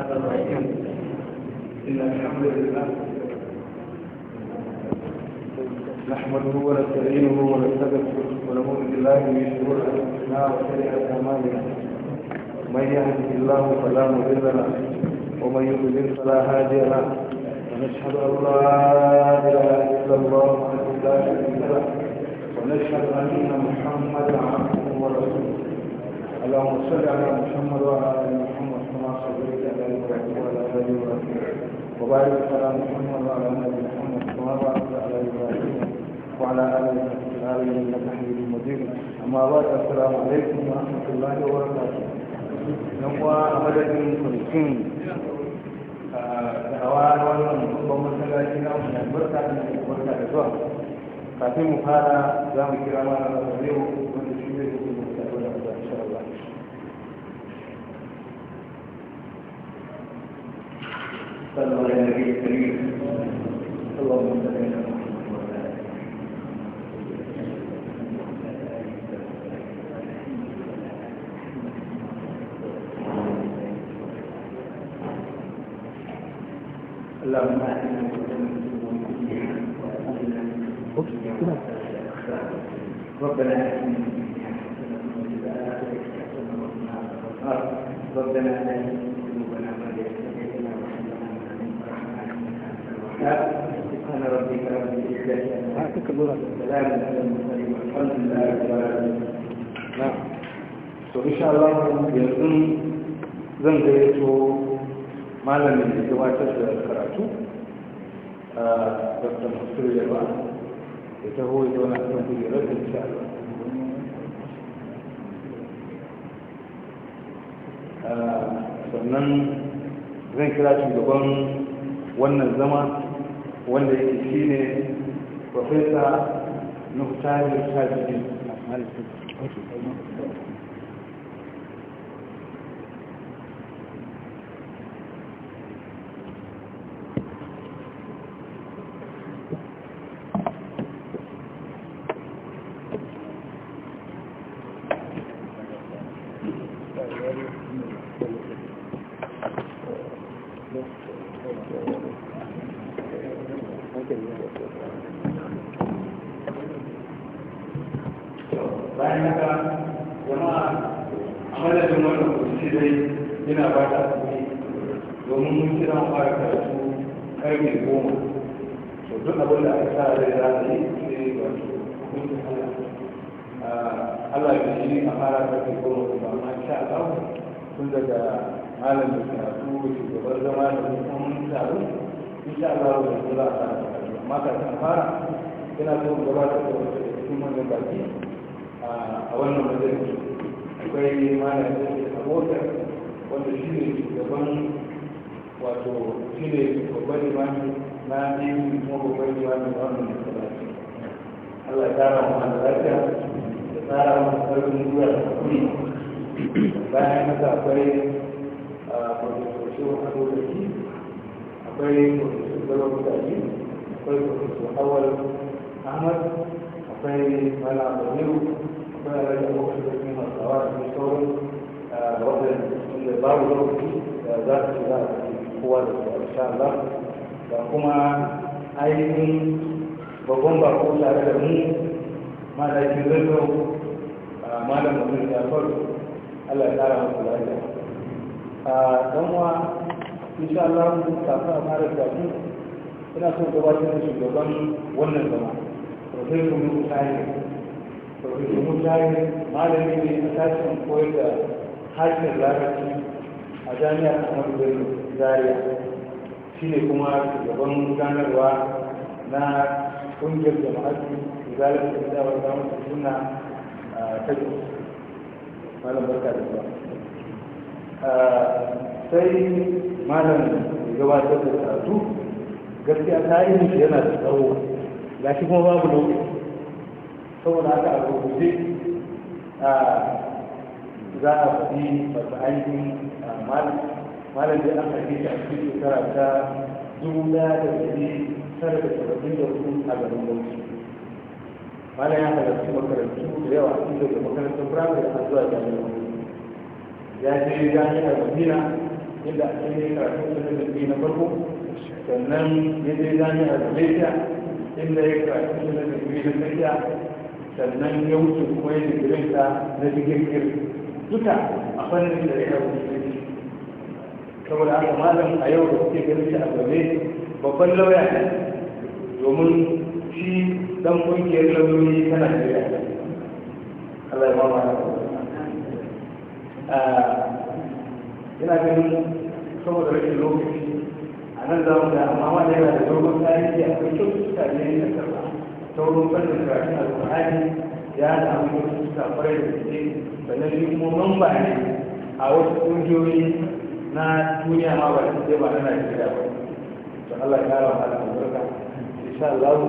الرحيم إن الحمد لله نحمده ونستعينه ونستغفره ونعوذ بالله من شرور أنفسنا وسيئات أعمالنا من يهده الله فلا مضل له ومن يضلل فلا هادي له ونشهد أن لا إله إلا الله وحده لا شريك له ونشهد أن محمدا عبده ورسوله اللهم صل على محمد وعلى آل وبارك على محمد وعلى آله محمد كما باركت على إبراهيم وعلى آله وصحبه آله إنك حميد مجيد أما بعد السلام عليكم ورحمة الله وبركاته yankuwa a madadin kwanakin da hawa na wannan babban masallaci na mu barka da barka da zuwa kafin mu fara za mu kira mana da zuwa صلى على النبي الكريم اللهم صل على اللهم اهدنا ربنا آتنا ربنا آتنا to zan gayyato malamin da gabatar da karatu a dr masu sannan zan kira shugaban wannan zama wanda yake shi ne profesa nuhtari tajiri mai karatu shugabar zama da hukumomin taro insha Allah ba su za a sa amma kafin fara yana so gabatar da wasu cikin manyan baki a wannan majalisa akwai malam da ke abota wanda shi ne shugaban wato shi ne babban na biyu kuma babban limani na wannan majalisa Allah ya kara mu da lafiya da tsara mu karfin gwiwa da kuɗi bayan haka akwai kwamfutocin hadodoki akwai kwamfutocin zama mutane akwai kwamfutocin awal ahmad akwai mala abaniru akwai alaƙa kwamfutocin masawa da sauran ah, waɗanda babu lokaci da za su za a kowa da su insha Allah da kuma ainihin babban bako tare da mu malakin zazzau ah, malam mutum da farko Allah ya ƙara masu lafiya don wa insha Allah mun tafi a mara gafi ina son gabatar da shugaban wannan zama profesor Musa Tahir profesor mutu Tahir malami ne a sashen koyar da harshen larabci a jami'ar Ahmadu Bello Zaria shi ne kuma shugaban gudanarwa na kungiyar jama'atu zalibin da wata mutum suna ta malam barka da zuwa sai malam gabatar da karatu gaskiya ta yi shi yana da tsawo ga shi kuma babu lokaci saboda haka a rubuce za a fi masu ainihin malam da an haife shi a cikin shekara ta dubu daya da dari tara da saba'in da hudu a garin bauchi malam ya halarci makarantu da yawa inda da makarantar firamare a zuwa jami'a ya je ya yi a madina inda a cikin karatun da zai na farko sannan ya je ya yi a malaysia inda ya karatun da zai na malaysia sannan ya wuce kuma ya digirin ta na digirgir duka a fannin da ya da shi saboda haka malam a yau da kuke ganin shi a gome babban lauya ne domin shi dan kungiyar lauyoyi tana da shirya Allah ya mama na Eh, ina ganin saboda rashin lokaci a nan za mu da amma wanda yana da dogon tarihi akwai kyaututtuka ne ya samu da gaske ne a wasu ƙungiyoyi na duniya ma ba da ba ba to Allah ya kara wa albarka insha Allah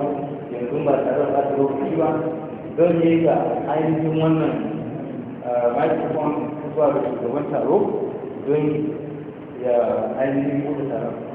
ba ta ba zan yi ga ainihin wannan eh, microphone zuwa ga shugaban taro don ya ainihin mutu taron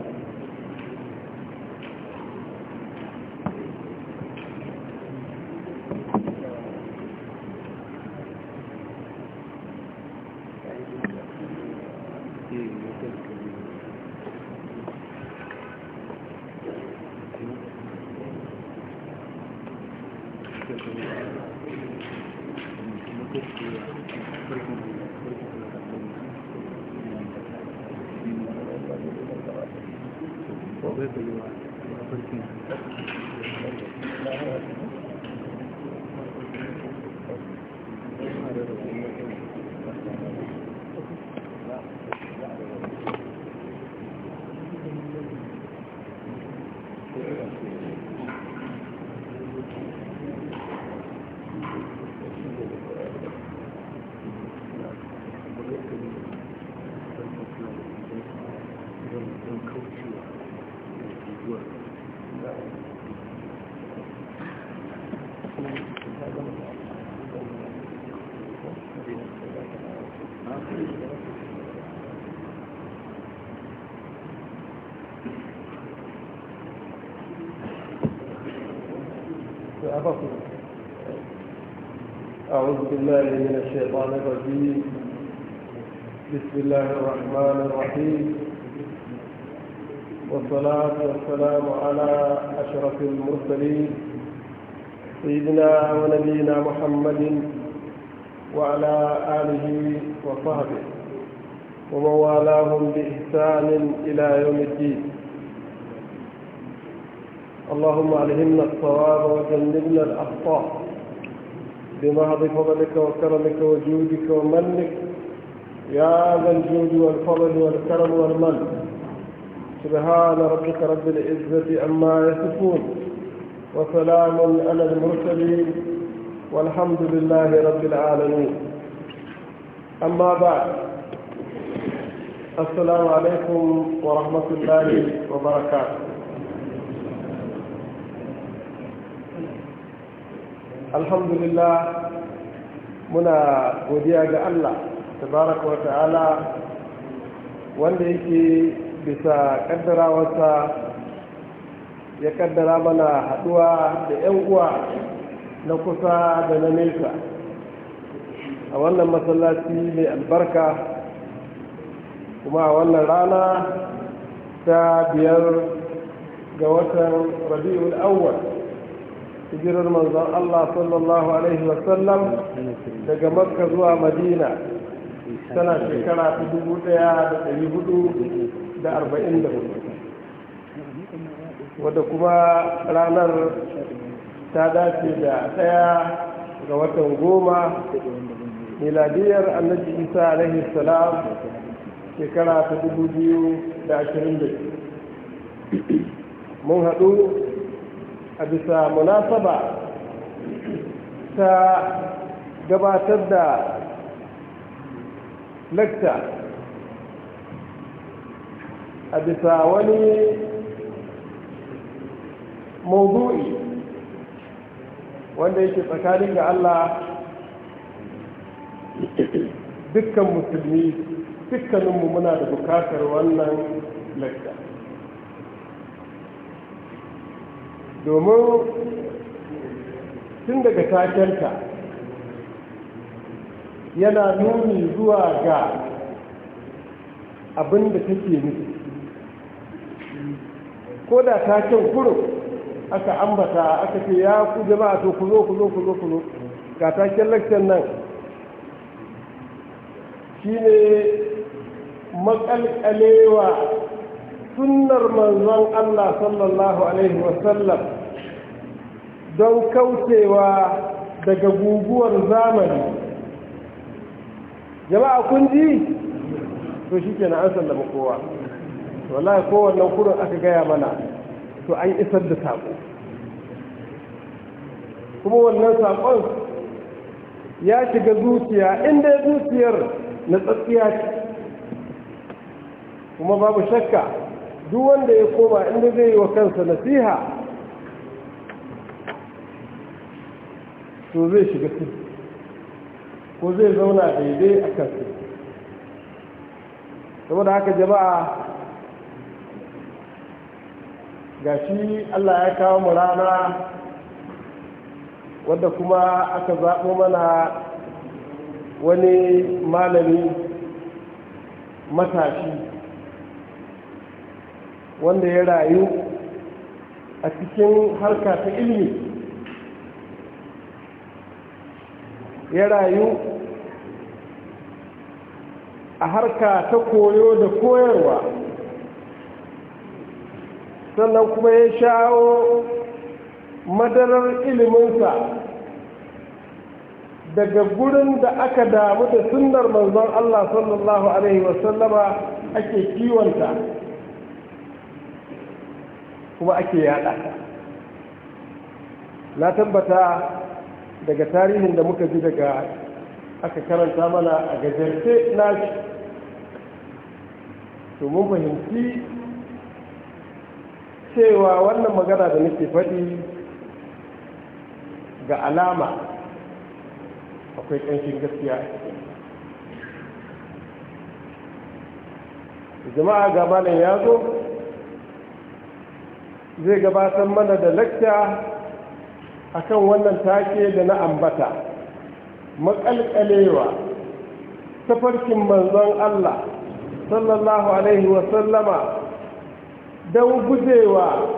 بالله من الشيطان الرجيم بسم الله الرحمن الرحيم والصلاة والسلام على أشرف المرسلين سيدنا ونبينا محمد وعلى آله وصحبه ومن والاهم بإحسان إلى يوم الدين اللهم علمنا الصواب وجنبنا الأخطاء بمعض فضلك وكرمك وجودك ومنك يا ذا الجود والفضل والكرم والمن سبحان ربك رب العزة عما يصفون وسلام على المرسلين والحمد لله رب العالمين أما بعد السلام عليكم ورحمة الله وبركاته alhamdulillah muna godiya ga Allah tabaraka wa ta'ala wanda yake bisa kaddarawarsa ya kaddara mana haduwa da 'yan uwa na kusa da na nesa a wannan masallaci mai albarka kuma a wannan rana ta biyar ga watan rabi'ul awwal hijirar manzon Allah sallallahu alaihi wasallam daga makka zuwa madina tana shekara ta dubu daya da ɗari hudu da arba'in da hudu wadda kuma ranar ta dace da ɗaya ga watan goma miladiyar annabi isa alaihi salam shekara ta dubu biyu da ashirin da mun haɗu a bisa munasaba ta gabatar da lakta a bisa wani maudu'i wanda yake tsakanin ga Allah dukkan musulmi dukkaninmu muna da bukatar wannan lakta domin tun daga takenka yana nuni zuwa ga abin da take nufi ko da taken kuro aka ambata aka ce ya ku jama'a to ku zo ku zo ku zo ku zo ga taken lakcin nan shi ne makalkalewa sunnar manzon Allah sallallahu alaihi wasallam don kaucewa daga guguwar zamani jama'a kun ji to shi ke na an sallama kowa wallahi kowannan kurin aka gaya mana to an isar da saƙo kuma wannan saƙon ya shiga zuciya inda zuciyar na tsakiya kuma babu shakka duk wanda ya koma inda zai yi wa kansa nasiha to zai shiga su ko zai zauna daidai a kansu saboda haka jama'a ga shi allah ya kawo mu rana wadda kuma aka zaɓo mana wani malami matashi wanda ya rayu a cikin harka ta ilimi ya rayu a harka ta koyo da koyarwa sannan kuma ya shawo madarar iliminsa daga gurin da aka damu da sunnar manzon Allah sallallahu Alaihi wasallama ake kiwonta kuma ake yada na tabbata daga tarihin da muka ji daga aka karanta mana a gajarce na shi to mun fahimci cewa wannan magana da nake faɗi ga alama akwai ƙanshin gaskiya jama'a ga malam ya zo zai gabatar mana da lakta akan wannan take da na ambata makalkalewa tafarkin manzon Allah sallallahu alaihi wasallama don gujewa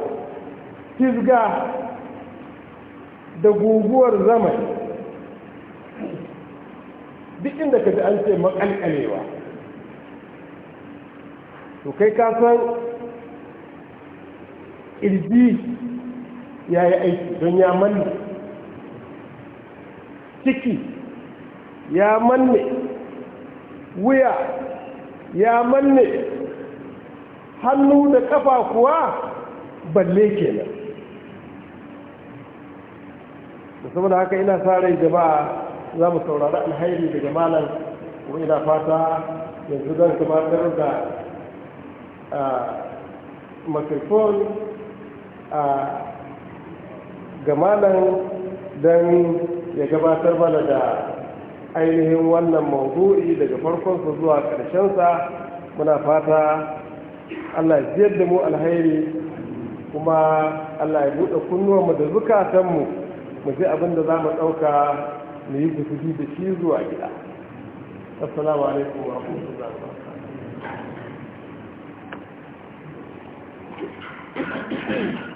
fisga da guguwar zamani duk inda ka ji an ce makalkalewa to kai ka san ƙirji ya yi aiki don ya manne ciki ya manne wuya ya manne hannu da ƙafa kuwa balle kenan saboda haka ina sa rai jama'a za mu saurari alhairi daga malam kuma ina fata yanzu don kamar da ah, microphone ga nan don ya gabatar mana da ainihin wannan mawdu'i daga farkonsa zuwa ƙarshensa muna fata allah ziyar da mu alhairi kuma allah ya buɗe kunnuwanmu da zukatanmu mu ji abin da za mu ɗauka mu yi gudubi da shi zuwa gida assalamu alaikum wa rahmatullahi wa barakatuh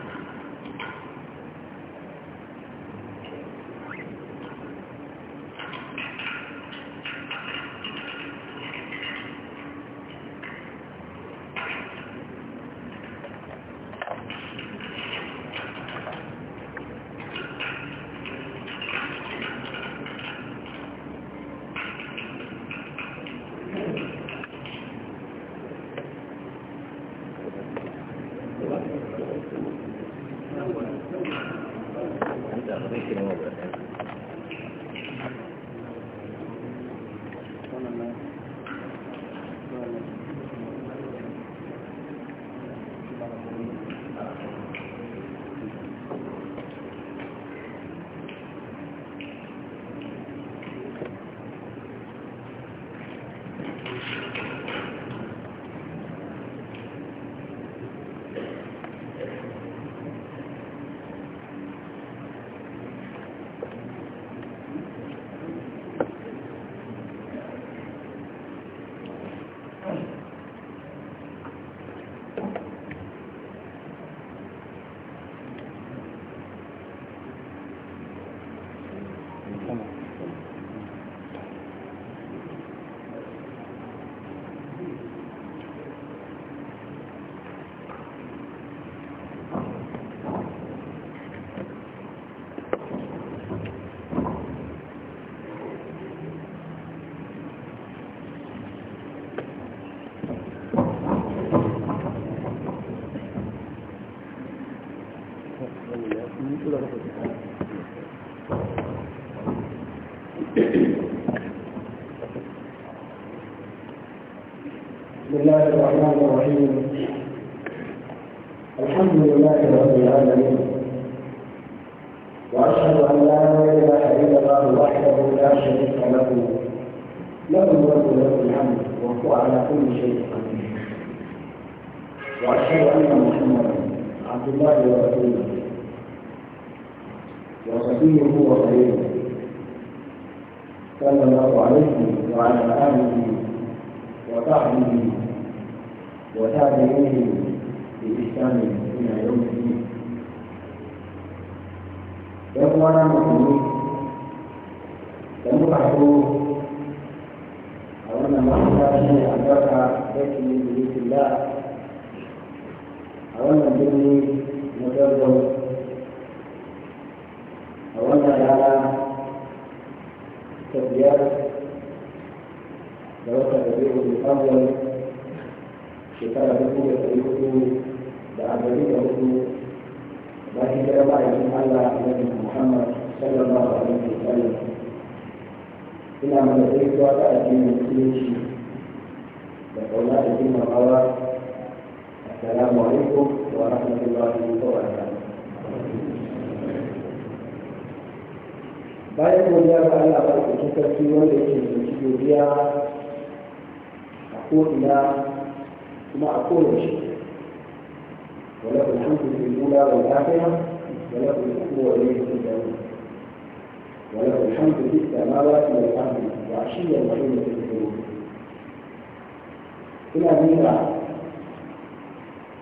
ina miƙa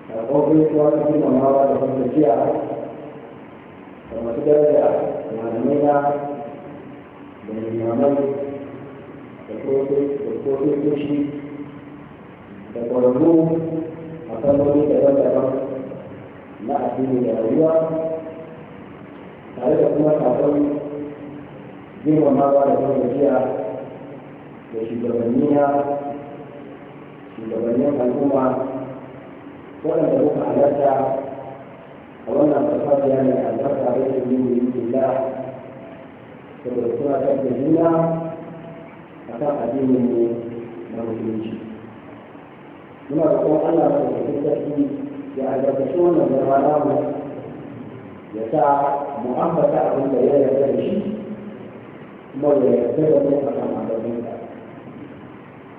da ƙofin kuwa ta fi mamawa da kuma tafiya da masu daraja malamai na da limamai da kofofofi da kwararru a fannoni daban-daban na addini da rayuwa tare da kuma sakon girmamawa da kuma tafiya da shugabanni na shugabannin al'umma waɗanda muka halarta a wannan farfajiya mai albarka da yake yi ne ke da saboda suna kan da juna a kan addinin mu na musulunci muna da kuma Allah da kuma sarki ya albarkaci wannan zama namu ya sa mu ambata abin da ya yarda da shi kuma ya yarda da mu a kan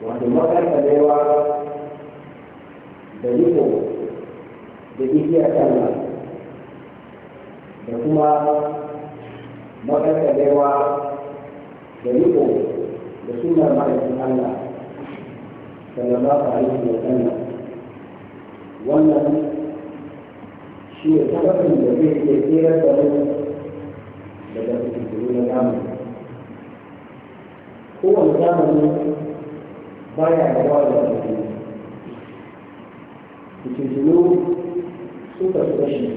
wato makarta da yawa da igiyar sallah da kuma makarta da yawa da da sunan ma'aikin Allah sallallahu alaihi da kanna wannan shi ne sababin da zai iya tsirar da mu daga cikin na zamani kowane zamani baya da ba da ke fitintunu suka suka shi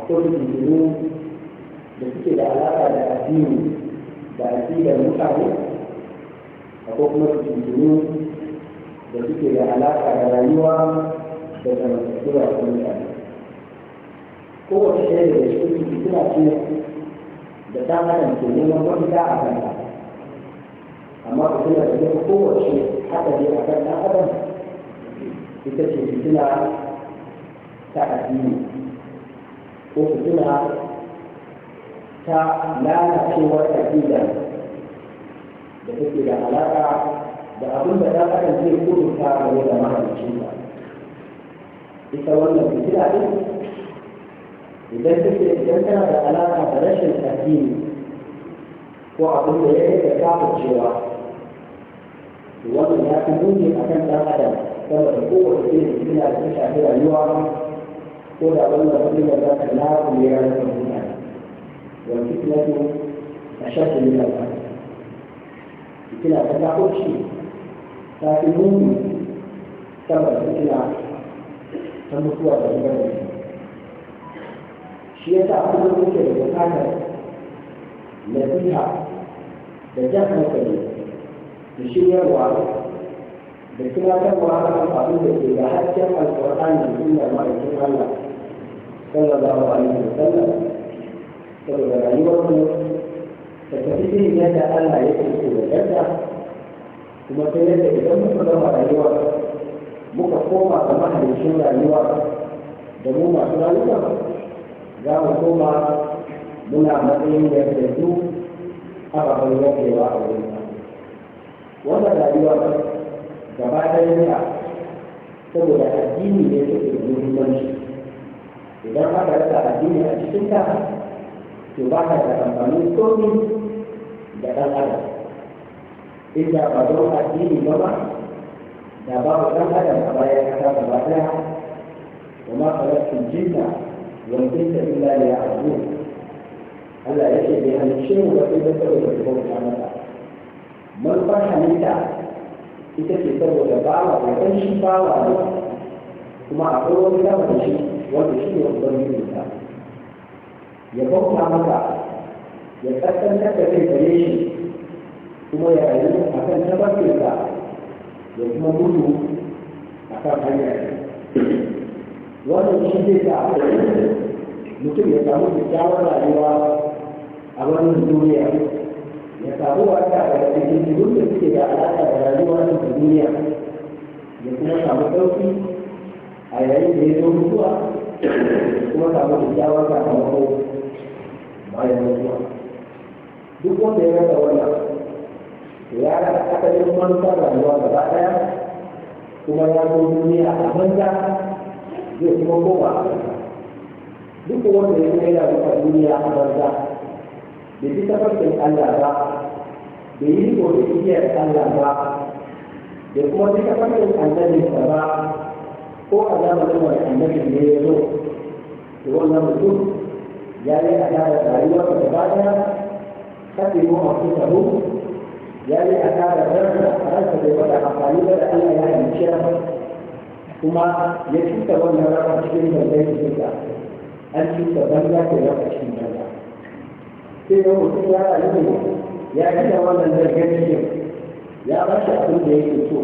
akwai fitintunu da suke da alaƙa da addini da aƙidar mutane akwai kuma fitintunu da suke da alaƙa da rayuwa da zamantakewa da mutane kowace ɗaya da cikin suna ce da ta adam ke neman mafita a kanta amma fitina da ya kowace ne a kan ɗan adam ita ce fitina ta addini ko fitina ta lalacewar aƙida da take da alaƙa da abin da ɗan adam zai kudurta game da ba ita wannan fitina ɗin idan take idan tana da alaƙa da rashin addini ko abin da ya yi da kafin cewa wannan ya fi nuni a kan ɗan adam saboda kowace irin fitina da ta shafi rayuwa ko da wannan fitina za ta lafa ne ya rasa mutane wa fitinatu a shafi ne lafa fitina ta kafurci ta fi nuni saboda fitina ta mutuwa da zubar da shi ya sa kuma muke da bukatar nasiha da jan hankali da shiryarwa da tunatarwa a kan abin da ke da hasken alƙur'ani da sunnar ma'aikin Allah sallallahu alaihi wa sallam saboda rayuwar mu da tafi irin yadda Allah ya ce da yadda kuma sai yadda idan muka gama rayuwa muka koma ga mahalicin rayuwa da mu masu rayuwa za mu koma muna matsayin da yadda su ababen yankewa a wurin wannan rayuwa gaba ɗaya ne saboda addini ne ke da muhimmanci idan aka rasa addini a cikin ta to ba ka da amfani komi da ɗan adam inda ba zo addini ba ba da ba babu ɗan adam a bayan ƙasa gaba ɗaya ya خلقت allah yake إلا shi هلا يجب أن تشيروا بقية الدولة بقوة عملها manufar halitta ita ce saboda bawa da ɗan shi bawa ne kuma a wani sama da shi wanda shi ne babban yiwuta ya bauta maka ya kaskantar da kai gare shi kuma ya rayu a kan tabbatinsa ya kuma mutu a kan hanyar wannan shi zai sa mutum ya samu kyakkyawar rayuwa a wannan duniya samuwa ta da rigingimin da suke da alaƙa da rayuwa ta duniya ya kuma samu ɗauki a yayin da ya zo mutuwa kuma samu kyakkyawar sakamako bayan mutuwa duk wanda ya rasa wannan ya rasa asalin manufar rayuwa gaba ɗaya kuma ya zo duniya a banza zai kuma koma a duk wanda ya zo yana duniya a banza da bi Allah ba da yi ko da igiyar Allah ba da kuma duka fannin annabi ba ko a zamanin wani annabi ne ya zo da wannan mutum ya yi asarar rayuwar da ba daya kafe ko a kusa hu ya yi tara ransa a ransa da wata amfani ba da Allah ya halice kuma ya cuta wannan rana cikin zanzai da suka an cuta banza ke rana cikin banza sai yau mutum ya rayu ne ya kada wannan zargin ya bashi abin da yake so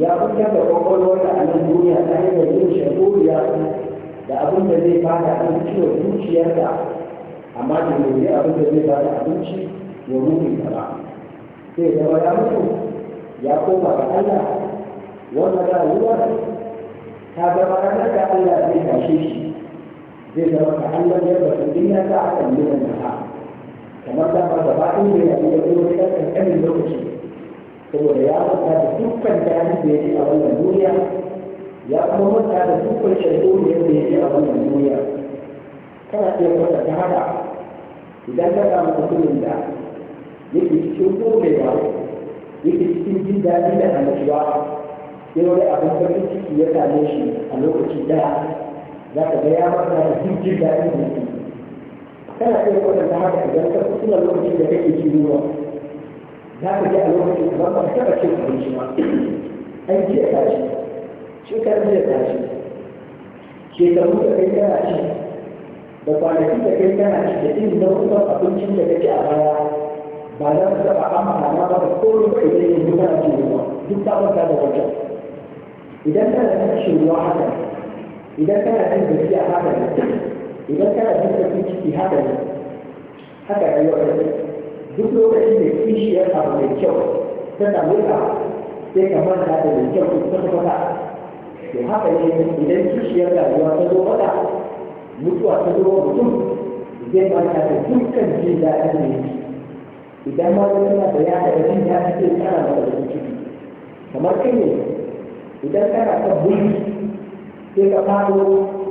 ya fitar da kwakwalwar da nan duniya ta hanyar yin shagoriya da abin da zai fada an ciwon da amma da gobe abin da zai fada abinci ya mutu ta ba sai da wani mutu ya koma ga Allah wanda ta ruwa ta zama ranar da Allah zai kashe shi zai zama ka Allah ya basu ya ta akan yi da ha kamar da ba ba ɗin da ya yi da wani ɗan ƙanƙanin lokaci saboda ya manta da dukkan jami'in da ya ke a wannan duniya ya kuma manta da dukkan shaidu da ya ke a wannan duniya kana iya kwata ta hada idan ka samu mutumin da yake cikin ya yake cikin jin daɗi da annashuwa sai wani abin farin ciki ya same shi a lokaci daya za ka ga ya manta da jin daɗin da ke kana iya kwatanta haka idan ka tuna lokacin da kake ci ruwa za ka ji a lokacin da ba ka taɓa cin abinci ba an ji ya tashi shekaru ya tashi shekaru da kai kana ci da kwanakin da kai kana ci da irin nau'ukan abincin da kake a baya ba za ka taɓa amfana ba da kowane kai da yin duka ci ruwa duk ta kwanta da wajen idan kana cin ruwa haka idan kana cin gajiya haka idan kana da sarkin ciki haka ne haka rayuwa ta duk lokacin da kishiyar abu mai kyau ta samu ka sai ka manta da mai kyau ta kwata to haka ne idan kishiyar rayuwa ta zo wata, mutuwa ta zo mutum zai manta da dukkan jin daɗin da yake idan ma zai yana da yada da jin daɗi zai tsara mata da ciki kamar kai ne idan kana kan buri sai ka fado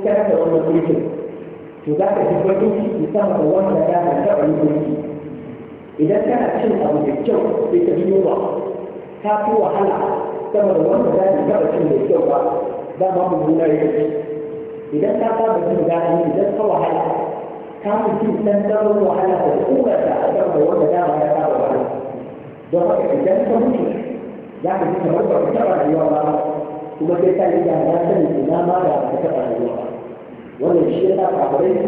kana da wannan bulkin to za ka ji baƙin ciki sama da wanda ya ka taɓa yi kuɗi idan kana cin abu da kyau sai ka ji yunwa ta fi wahala sama da wanda za ka taɓa cin da kyau ba za ma mu nuna ya idan ka saba jin daɗi idan ka wahala ka mu jin ɗanɗanon wahala da tsorata a sama da wanda dama ya saba wahala don haka idan ka mutu za ka ji kamar ba ka taɓa rayuwa ba kuma sai ka yi da na sani ina ma da ba ka taɓa rayuwa ba wannan shi yana kafirai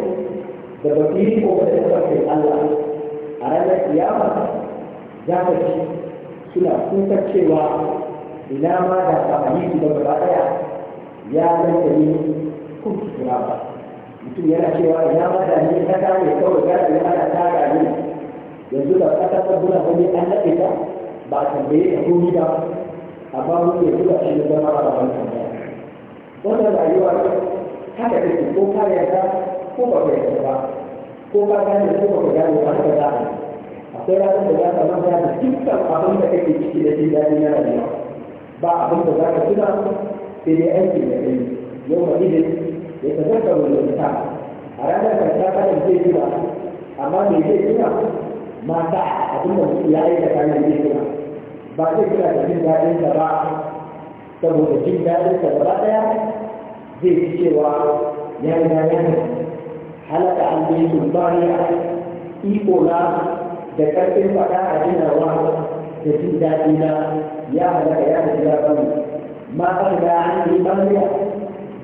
da ba su yi kokarin sarfin Allah a ranar kiyama za ka ji suna kukan cewa ina ma da amfani su da gaba daya ya zanta ne kun kira ba mutum yana cewa ina ma da ni kasa ne kawai gara ne ana tara ne yanzu da kasa ta guna wani an naɗe ta ba tambaye da komi ba amma mun ne zuwa shi da zama ba da wani tambaya wannan rayuwa haka take ko ka ko ba ka yarda ba ko ka gane ko ba ka gane ba a akwai ranar da za ka manta da dukkan abin da kake ciki da jin daɗi na rayuwa ba abin da za ka tuna sai dai aiki da kai yau ma ya tazarta wani ta a ranar da ta zai tuna amma me zai tuna mata abin da mutum ya aikata ne zai ba zai tuna da jin daɗinsa ba saboda jin daɗinsa gaba ɗaya zai fi cewa ya yi na yana halaka an bai su bariya iko na da ƙarfin faɗa a jinawa da jin daɗi na ya halatta ya da jira bari ma an ga an yi bariya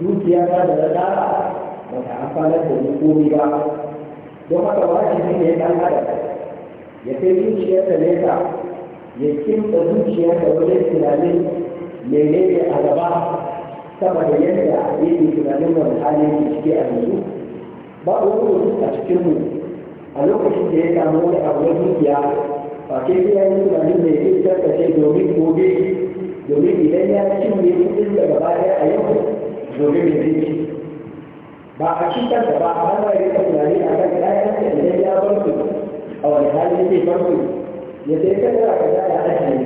dukiya ta da na ba ta amfanar da ni komi ba don haka shi ne ɗan adam ya kai zuciyarsa nesa ya kimta zuciyarsa wajen tunanin menene a gaba sama da yadda yake tunanin wani hali yake cike a yanzu ba wani a cikin mu a lokacin da ya samu wani abu na dukiya ba ke ya yi tunanin da yake tsarkace domin gobe domin idan ya cinye kudin da gaba ɗaya a yau domin ya zai ba a cikin da ba a hana ya tunani a kan ɗayan da idan ya bar su a wani hali yake ya su ya sai kadara kaza ya ajiye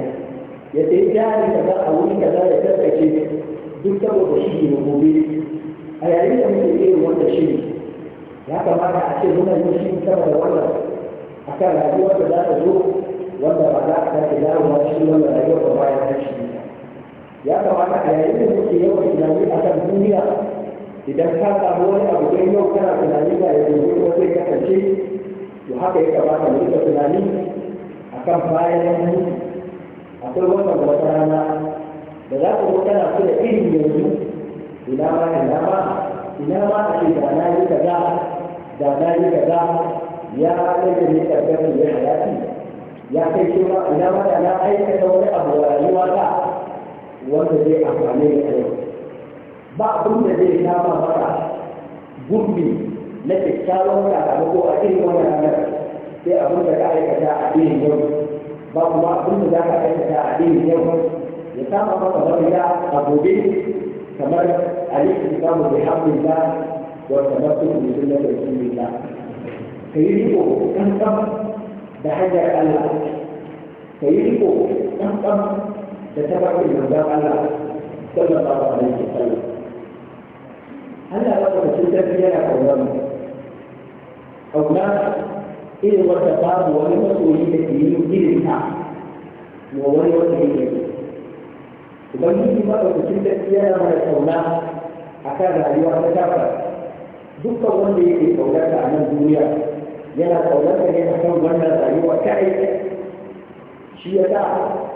ya sai jari kaza a wuri kaza ya tsarkace duk saboda shi ne gobe a yayin da muke iya wanda shi ne ya kamata a ce muna yin shi sama da wannan a kan rayuwar da za ta zo wanda ba za a sake dawowa shi wanda rayuwar ba bayan ta shi ya kamata a yayin da muke yawan tunani a kan duniya idan ka samu wani abu don yau kana tunani ba ya gobe kuma zai kasance to haka ya kamata mu rika tunani a kan bayan akwai wannan wata rana da za ku tana so da irin yanzu ina ma ina ma ina ma a ce da na yi kaza da na yi kaza ya rage ne da ne hayati ya kai ma ina ma da na aikata wani abu da rayuwa ta wanda zai amfani da kai ba abin da zai kama maka gurbi na kyakkyawan sakamako a irin wannan ranar sai abin da ka aikata a irin yau ba kuma abin da za ka aikata a irin yau لكان قبل ذلك أبو بكر كما الاسلام بحق الله والتمسك بسنة رسول الله. فيجب أن بحجر الله. فيجب أن بتبع المنبر الله صلى الله عليه وسلم. هلا لو تسلت فيها يا قولان. قولان إذا وتقابل ولم تريد أن يجيبها. ووالي وتريد ubangiji ma da kucin da yana mana kauna a kan rayuwa ta kafa dukkan wanda yake kaunar a nan duniya yana kaunar ka ne a kan wannan rayuwa ta aiki shi ya sa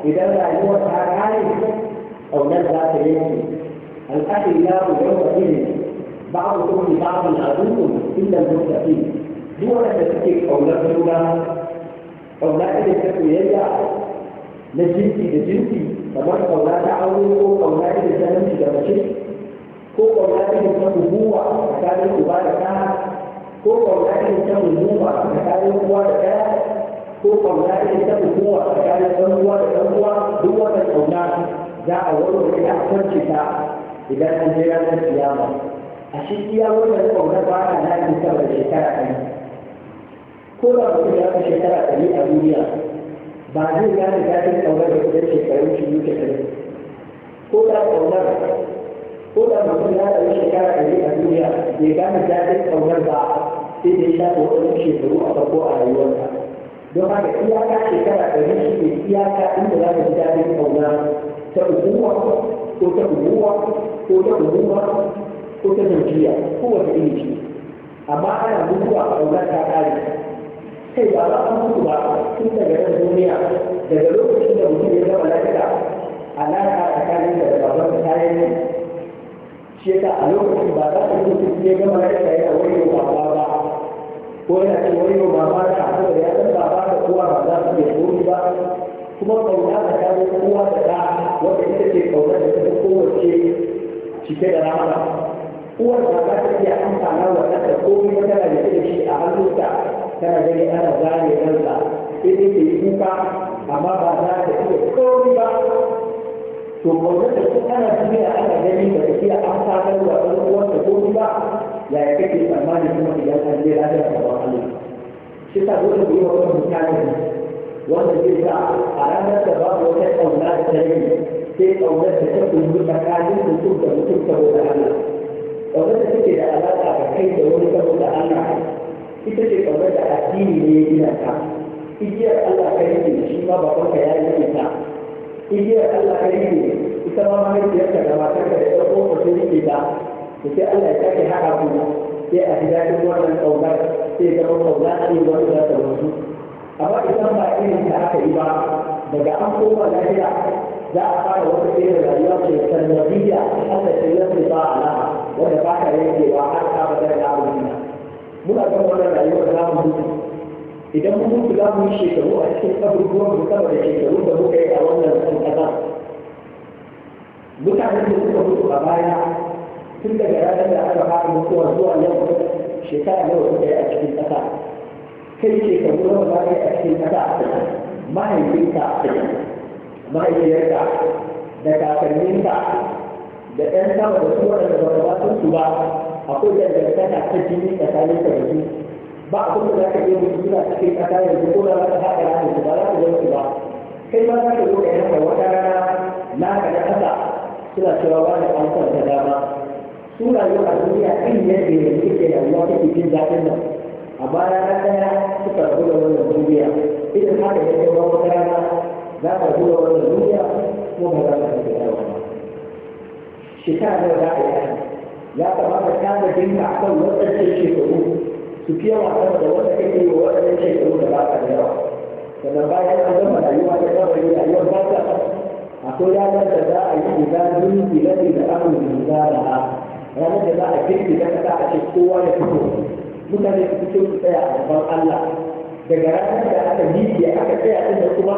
idan rayuwa ta kare kaunar za ta yanke alƙalin yaro yau da ne بعض كل بعض عدو إلا المتقين دون أن تكتب قولات لغة قولات التي na jinsi da jinsi. kamar kauna ta aure ko kauna ta da sanin da mace ko kauna ta da a tsakanin uba da ɗa ko kauna ta da a tsakanin uwa da ɗaya ko kauna ta da a tsakanin ɗan uwa da ɗan uwa duk wannan kauna za a warware ta a kwanci ta idan an je ranar kiyama a shi iya da kauna ba a nan kusa da shekara ɗari ko da mutum ya fi shekara ɗari a duniya ba zai gane daɗin ƙaunar da kudin shekarun shi yake da ko da ƙaunar ko da mutum ya ɗauki shekara ɗari a duniya bai gane daɗin ƙaunar ba sai da ya shafa wasu shekaru a farko a rayuwarsa don haka iyaka shekara ɗari shi ne iyaka inda za ka ji daɗin ƙauna ta ukuwa ko ta ukuwa ko ta ukuwa ko ta jam'iyya kowace iri amma ana mutuwa ƙaunar ta ƙare sai ba za a mutu ba tun daga nan duniya daga lokacin da mutum ya zama lafiya a tsakanin da baban kayan ne shi yasa a lokacin ba za a mutu ya gama lafiya yana wayo baba ba ko yana ce wayo baba ta saboda ya san baba da kowa ba za su iya komi ba kuma kauna tsakanin kowa da ɗa wanda ita ce kauna da ta kowace cike da rama uwar ba za ta iya amfana wa ɗan ɗanta komai tana da shi a hannunta tana gani ana zane ransa sai dai ta yi kuka amma ba za ta iya komi ba to kwanza da su ana tafiya ana gani ba ta iya an sadar da ɗan uwansa komi ba yaya kake tsammani kuma idan an je lafiyar da ba Allah shi ta dole ku yi wa wannan mutane wanda zai sa a ranar da babu wata ƙauna da ta yi sai ƙaunar da ta kundu tsakanin mutum da mutum saboda Allah ƙaunar da take da alaƙa ga kai da wani saboda Allah ita ce kamar da addini ne ya gina ta igiyar Allah ka rike shi ma baban ka ya rike ta igiyar Allah ka rike ita ma mahaifiyarka da matarka da ɗan ƙofa sun rike ta to sai Allah ya sake haɗa ku sai a ji daɗin wannan ƙaunar sai zama ƙaunar a yin wani da wasu amma idan ba irin ta aka yi ba daga an koma lafiya za a fara wata irin rayuwa ce sanadiyya Allah ce yanzu ba a wanda ba ka yankewa har ka ba da abin nan muna kan wannan rayuwar za mu mutu idan mun mutu za mu yi shekaru a cikin kaburbuwan mu sama da shekaru da muka yi a wannan kan Mutane mutanen da suka mutu a baya tun daga ranar da aka fara mutuwa zuwa yau shekara nawa suka yi a cikin kasa kai shekaru nawa za ka yi a cikin kasa mahaifinka mahaifiyarka da kakanninka da 'yan sama da su ba su ba akwai dangantaka ta jini tsakanin ka da ba a da za ka iya mutu suna cikin ƙasa yanzu ko na za ka haɗa rana su ba za ka zama su ba kai ma za ka zo da yi haka wata rana na ka da ƙasa suna cewa ba da an kwanta dama su rayuwa a duniya ɗin da yanzu da ruwa kake jin daɗin nan a amma rana ɗaya suka rabu da wannan duniya idan haka ya zama wata rana za ka rabu da wannan duniya ko ba za ka rabu da wannan shekara da za ka yi ya kamata ka da dinga a kan waɗancan shekaru su fiye wa sama da wanda kake yi wa waɗancan shekaru da ba ka da yawa sannan bayan an gama rayuwa ta gama yi rayuwar ba ta akwai ranar da za a yi guda biyu bilani da amin guda da ha ranar da za a kirki da kasa a ce kowa ya fito mutane su fito su tsaya a gaban Allah daga ranar da aka miƙe aka tsaya ɗin da kuma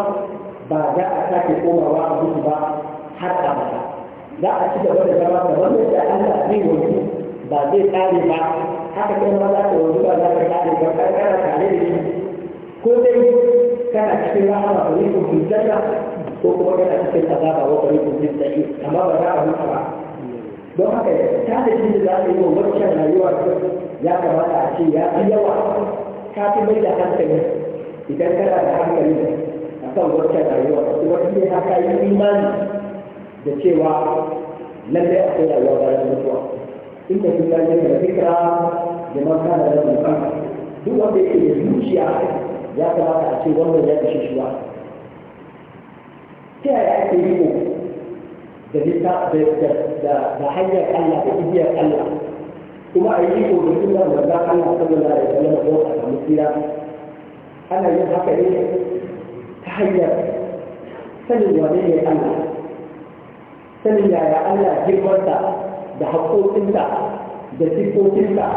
ba za a sake komawa a mutu ba har a mata za a ci gaba da zama kamar yadda Allah zai wani ba zai kare ba haka kai ma za ka wani ba za ka kare ba ka kara tare da shi ko dai kana cikin rahama ko yi kuma janna ko kuma kana cikin azaba ko kai kun tsaye amma ba za a huta ba don haka ta da shi da za ka yi wa wancan rayuwa ya kamata a ce ya fi yawa ka fi mai da hankali idan kana da hankali a kan wancan rayuwa wata ne haka yi imani da cewa lallai akwai rayuwa bayan mutuwa inda duk da yake da fikra da man kana da mutuwa duk wanda yake da zuciya ya kamata a ce wannan ya kashe shi ba ta yaya ake yi ko da da hanyar Allah da igiyar Allah kuma a yi ko da sunan manzan Allah sallallahu alaihi wasallam ko a samu tsira ana yin haka ne ta hanyar sanin wane ne Allah sanin yaya Allah girmanta da haƙoƙinsa da siffofinsa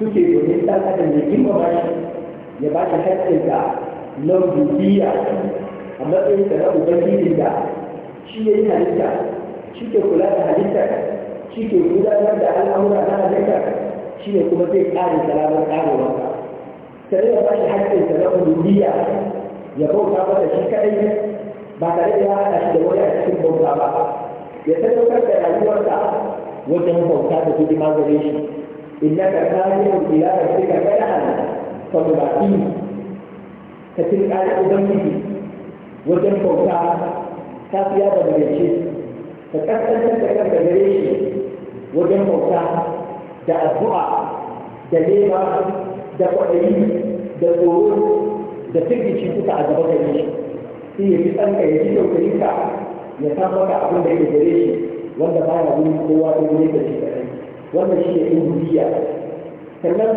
suke domin ɗan adam ya girmama shi ya ba shi haƙƙinta na rubiya a matsayinsa na ubangijin da shi ya yi halitta shi ke kula da halitta shi ke gudanar da al'amura na halitta shi ne kuma zai ƙare salamar ƙarewa sai ya ba shi haƙƙinta na rubiya ya bauta masa shi kaɗai ba tare da ya haɗa shi da wani a cikin bauta ba ya sadaukar da rayuwarsa wajen bauta da jima gare shi innaka qadirun ila rabbika falahan fa mulaqi ka tilka da ubangiji wajen bauta ta fiya da shi ka kasance da kanka gare shi wajen bauta da addu'a da lema da kwaɗayi da tsoro da firgici kuka a gaba gare shi sai ya fi tsanka ya ji daukarinka ya san maka abin da yake gare shi wanda ba ya gurin kowa da gurin da shi kadai wannan shi ne ubudiyya sannan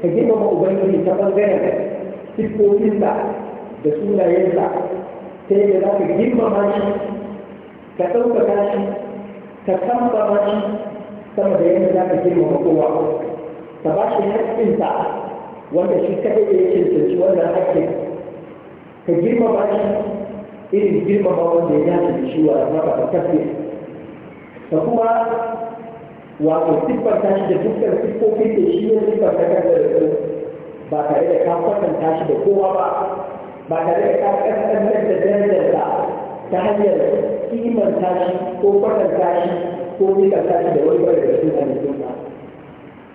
ka girmama ubangiji ta bangaren siffofinsa da sunayensa sai da za ka girmama shi ka ɗaukaka shi ka kambama shi sama da yadda za ka gina girmama kowa ka ba shi haƙƙinsa wanda shi kadai da ya cancanci wannan haƙƙin ka girmama shi irin girmama wanda ya dace da shi wa maka tafiya da kuma wato siffanta shi da dukkan siffofin da shi ya siffanta kansa da su ba tare da ka kwatanta shi da kowa ba ba tare da ka kaskantar da darajar ba ta hanyar kimanta shi ko kwatanta shi ko nisanta shi da wani bari da su na nufin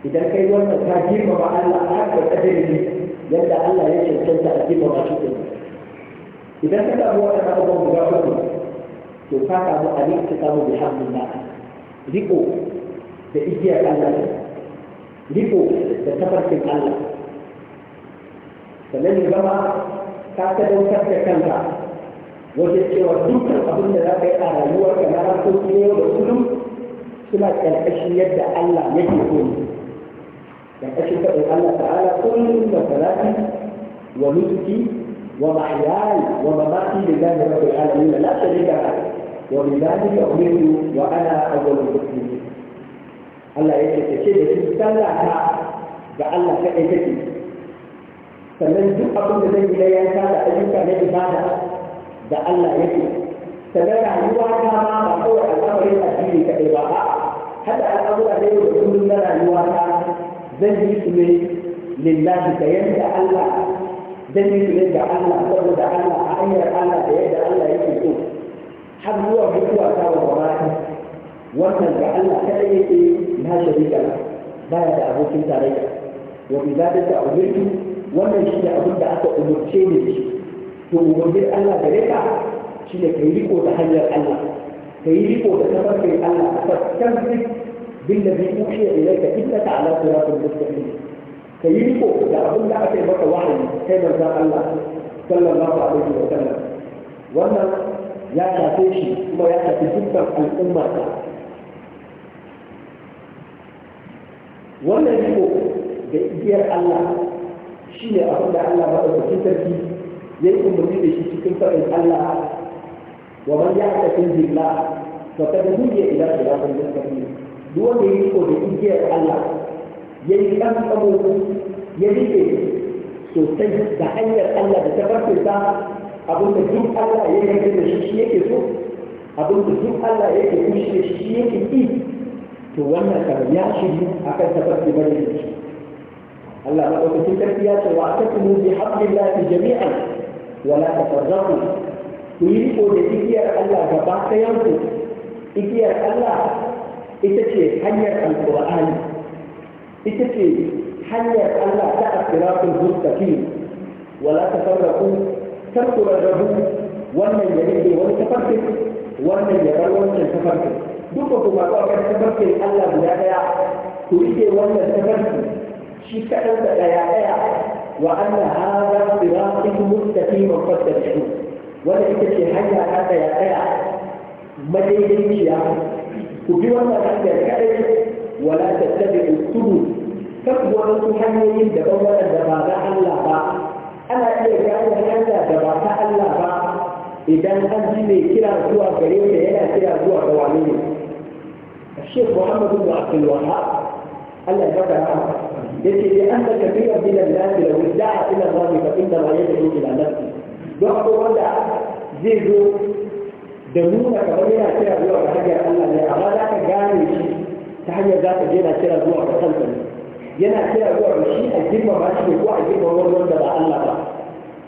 idan kai wannan ta girmama Allah har da kadari yadda Allah ya cancanta a girmama shi idan ka bi wannan abubuwan guda uku to ka samu alif ka samu bi hamdulillah riko da igiyar Allah riko da tafarkin Allah sannan ya gama ka ta daukar da kanka wajen cewa dukkan abin da za ka yi a rayuwar ka na harkokin yau da kullum suna ƙarƙashin yadda Allah yake so ne ƙarƙashin faɗin Allah ta'ala kullum da salati wa nusuki ومحياي ومماتي لله رب العالمين لا شريك له ولذلك امرت وانا اول المسلمين الله يكفي شيء يكفي سلاحا جعل لك ايتكي فمن ذو اقوم بذي الله كان ايوك من عباده جعل لك ايتكي سلاحا يوحى ما مقوع الامر الاجيل كعباده هل الامر الذي يقول لنا يوحى ذي اسمه لله كيمتع الله dan yake yadda Allah saboda Allah a hanyar Allah da yadda Allah yake so har zuwa mutuwa ta wa gabata wannan ga Allah kada yake na sharika baya da abokin tarayya wa bi zalika umirtu wannan shi da abin da aka umurce ni da shi to umarnin Allah da rika shi ne kai riko da hanyar Allah kai riko da tafarkin Allah fastanzik بالذي أوحي إليك إنك على صراط مستقيم ka yi riko da abin da aka yi maka wahayi kai manzon Allah sallallahu alaihi wa sallam wannan ya shafe shi kuma ya shafi dukkan al'umma ta wannan riko da igiyar Allah shi ne abin da Allah ba da cikin sarki ya yi umarni da shi cikin faɗin Allah wa man ya ta cikin jilla fa ta da hujja ila ila kan sarki duk wanda ya riko da igiyar Allah ya yi ɗan tsamo ya rike sosai da hanyar Allah da ta farfinsa abinda duk Allah ya yi da shi shi yake so abinda duk Allah ya yi da shi shi yake ƙi to wannan kamar ya shiri a kan tafarki bane da shi Allah ya ɗaukakin ƙarfi ya ce wa a tafi bi haɗin jami'an wala ta farzaku ku yi riko da igiyar Allah gaba ɗayanku igiyar Allah ita ce hanyar alƙur'ani ita ce hanyar Allah ta asiratul mustaqim wala tafarraqu tarkura rabu wannan ya rike wani tafarki, wannan ya bar wancan tafarkin duk ba kuma ba kan tafarkin Allah guda daya ku rike wannan tafarki shi kadan da daya daya wa anna hadha siratul mustaqim fattabi'u wannan ita ce hanya ta daya daya madaidaiciya ku bi wannan hanyar kadai ولا تتبع السبل فكوا ان تحملين دبوا ان دبابا الا با انا اذا جاء ان دبابا الا با اذا انت لي كلا سوى كريم لا يلا كلا سوى قوانين الشيخ محمد بن عبد الوهاب الا ذكر يقول لي انت كبير من الناس لو ادعى الى الله فانت لا يدعو الى نفسه وقد ولى زيد دمونا كبير لا يلا كلا سوى حاجه الله لا اراد ان تحيه ذات جينا كلا دوع تسلمني جينا كلا دوع مشي الجيم ما ماشي دوع الجيم ما هو ده بقى الله بقى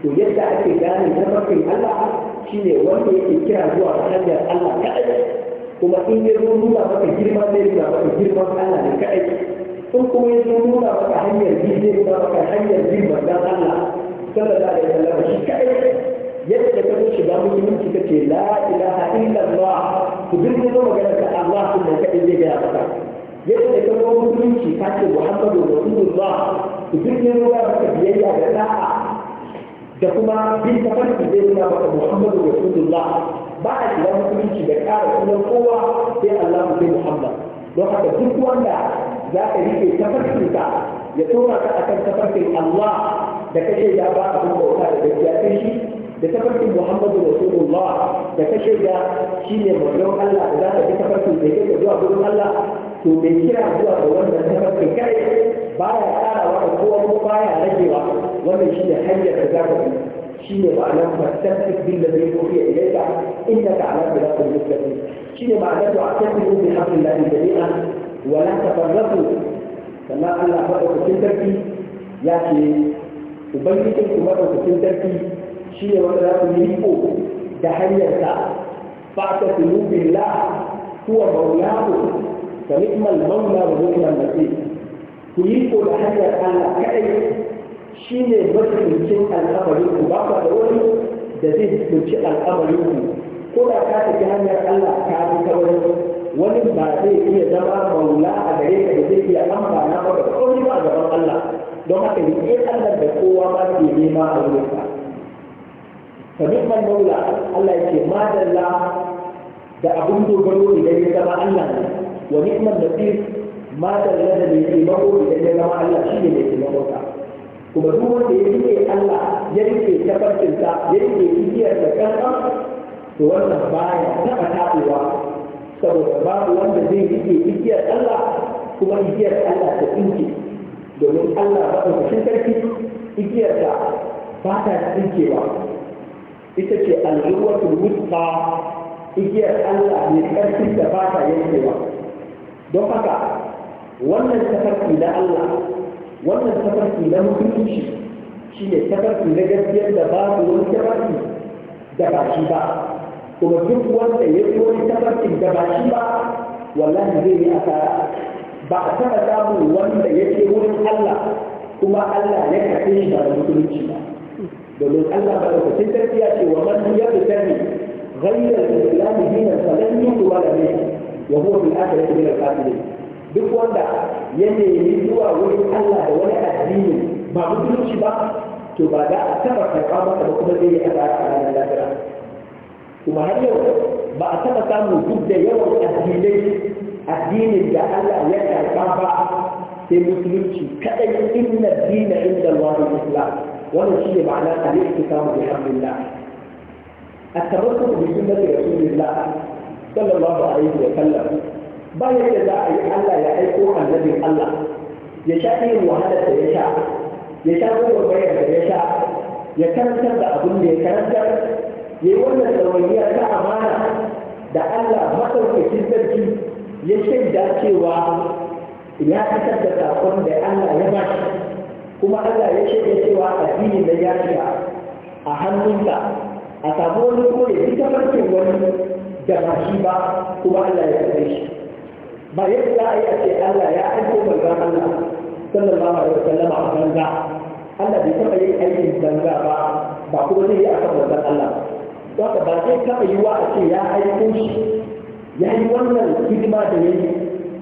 ويبدا اتجاهي ده ما في الله شيء وانت يجي كلا دوع تسلمني الله كأي وما في يرون ولا ما في جيم ما ليه ولا ما في جيم ما الله كأي ثم كم يرون ولا ما في حي الجيم ولا ما ترى ده يا الله مشي yadda ka zo shiga musulunci ka ce la ilaha Allah, ku duk zama ganin ka Allah kun da kai zai gaya maka yadda ka zo musulunci ka ce Muhammadu Rasulullah ku duk zo ga maka biyayya da da'a da kuma bin tafarki zai nuna maka Muhammadu Rasulullah ba a shiga musulunci da ƙara sunan kowa sai Allah mu sai Muhammad don haka duk wanda za ka rike ta, ya tura ka akan farki Allah da kake ya ba abin bauta da gaskiya kai shi da tafarkin muhammadu rasulullah da ka shiga shi ne manzon allah da za ka bi tafarkin da yake zuwa gurin allah to mai kira zuwa ga wannan tafarkin kai baya karawa da kowa ko baya ragewa wannan shi ne hanyar da za ka bi shi ne ma'anar fasarfik bin da zai kofi a ilaika inda ka ala da zafin musulmi shi ne ma'anar da a tafiye da hafin lafi jami'a wala tafarrafu sannan allah maɗaukakin sarki ya ce ubangijin ku maɗaukakin sarki shi ne wanda za ku yi riko da hanyarsa ba ta kulu billah huwa maulaku da nikmal maula da nikmal ku yi ko da hanyar Allah kadai shi ne mutuncin al'amarin ku ba da wani da zai mutunci al'amarin ku ko da ka tafi hanyar Allah ka fi ta wani ba zai iya zama maula a gare ka da zai iya amfana ba da komai ba gaban Allah don haka ne Allah da kowa ba ke nema a wurin fa ni'mal maula Allah ce ma da abun dogaro idan ya zama Allah ne wa ni'mal nasir ma da bai mako idan ya zama Allah shi ne mai taimako ka kuma duk wanda ya rike Allah ya rike tabbacin ya rike igiyar da kanka to wannan baya taɓa taɓewa saboda babu wanda zai rike igiyar Allah kuma igiyar Allah ta tsinke domin Allah ba ta cikin sarki igiyar ta ba ta tsinkewa ita ce al'urwatul wusta igiyar Allah mai ƙarfin da ba ta yankewa don haka wannan tafarki na Allah wannan tafarki na mutunci shi ne tafarki na gaskiyar da ba su wani tafarki da ba shi ba kuma duk wanda ya yi wani tafarki da ba shi ba wallahi zai yi asara ba a taɓa samun wanda ya ce wurin Allah kuma Allah ya karɓe shi da mutunci ba domin Allah ba da cikin tafiya ce wa man ya fitani ghayra al-islam dinan falan yutu wa lam wa huwa bil akhirati min al-khasirin duk wanda ya ni zuwa wurin Allah da wani addini ba mutunci ba to ba za a taba karɓa masa ba kuma zai yi a ranar lafiya kuma har yau ba a taba samu duk da yawan addinai addinin da Allah ya karɓa ba sai musulunci kadai inna dina inda Allah islam wannan shi ne ma'ana al-ihtisamu bi hamdillah at-tamassak bi sunnati rasulillah sallallahu alaihi wa sallam ba yadda za a yi Allah ya aiko annabin Allah ya sha irin wahalar da ya sha ya sha gwagwarmayar da ya sha ya karantar da abin da ya karantar ya yi wannan tsawaniya ta amana da Allah maɗaukakin sarki ya shaida cewa ya fitar da saƙon da Allah ya ba shi kuma Allah ya ce da cewa addini da ya shiga a hannunka a samu wani kuma ya fita farkin wani da ba shi ba kuma Allah ya karbe shi ba yadda za a yi a ce Allah ya aiko banza Allah sallallahu alaihi wasallam a banza Allah bai taba yin aikin banza ba ba kuma zai yi a kan banzan Allah don ka ba zai yi wa a ce ya aiko shi ya yi wannan hidima da ya yi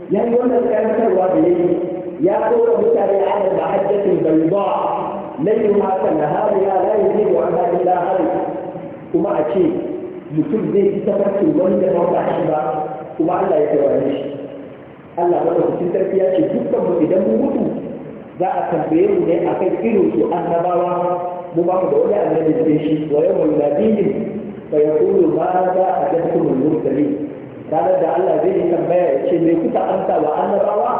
ya yi wannan karantarwa da ya yi يا دور متابع على المحجة البيضاء ليلها كنهارها لا يزيد عنها إلا Kuma a ce mutum zai fi tafarki wanda ba ta shi ba kuma Allah ya tawaye shi Allah wanda cikin sarki ya ce dukkan mu idan mu mutu za a tambaye mu ne kai irin su annabawa mu ba mu da wani annabi da shi wa yawmul ladin fa yaqulu ma za ajabtum al-mursalin ranar da Allah zai yi tambaya ya ce me kuka amsa wa annabawa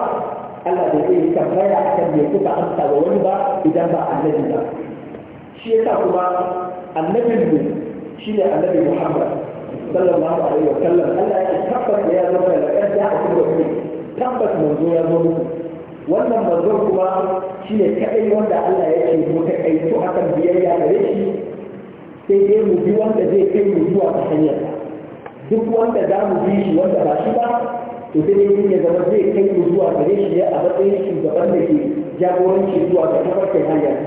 Allah da zai yi tambaya akan me kuka amsa ga wani ba idan ba annabi ba shi yasa kuma annabin mu shine annabi Muhammad sallallahu alaihi wa sallam Allah ya tabbata ya zama da ƙarfi a cikin wani tabbata manzo ya zo muku wannan manzon kuma shine kaɗai wanda Allah ya ce mu ta kai to hakan biyayya gare shi sai dai mu bi wanda zai kai mu zuwa ta hanyar duk wanda za mu bi shi wanda ba shi ba to sai dai ya zama zai kai ku zuwa gare shi a matsayin shugaban da ke jagoranci zuwa ga tafarkin hanyar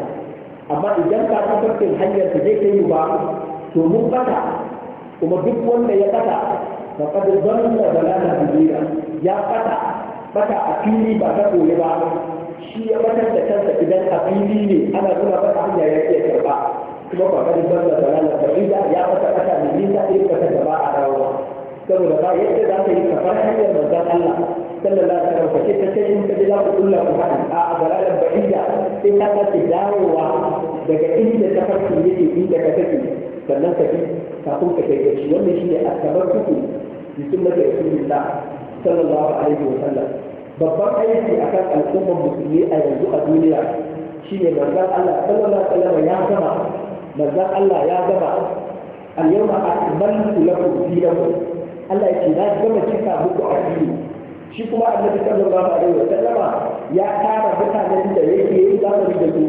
amma idan ka tafarkin hanyar ta zai kai ba to mun bata kuma duk wanda ya bata fa kad dalla dalala kabira ya bata bata a fili ba ta koyi ba shi ya batar da kansa idan a fili ne ana zuwa bata hanyar ya ke karba kuma ba kad dalla dalala kabira ya bata bata ne nisa irin bata da ba a dawowa saboda ba yadda za ka yi ka bar hanyar Allah sallallahu alaihi wasallam kace ta ce in ka ji za ku kulla ku hadi a dalalan ba'ida sai ka sake dawowa daga inda ta farko yake inda ka take sannan ka ji kafin ka kai gaci wannan shine at-tabarruku bi ta rasulillah sallallahu alaihi wasallam babban aiki akan al'ummar musulmi a yanzu a duniya shine manzon Allah sallallahu alaihi wasallam ya gama manzon Allah ya gama al-yawma akmaltu lakum dinakum Allah ya ce na gama cika muku fili shi kuma annabi sallallahu alaihi wa sallama ya tara mutanen da yake yi zamani da su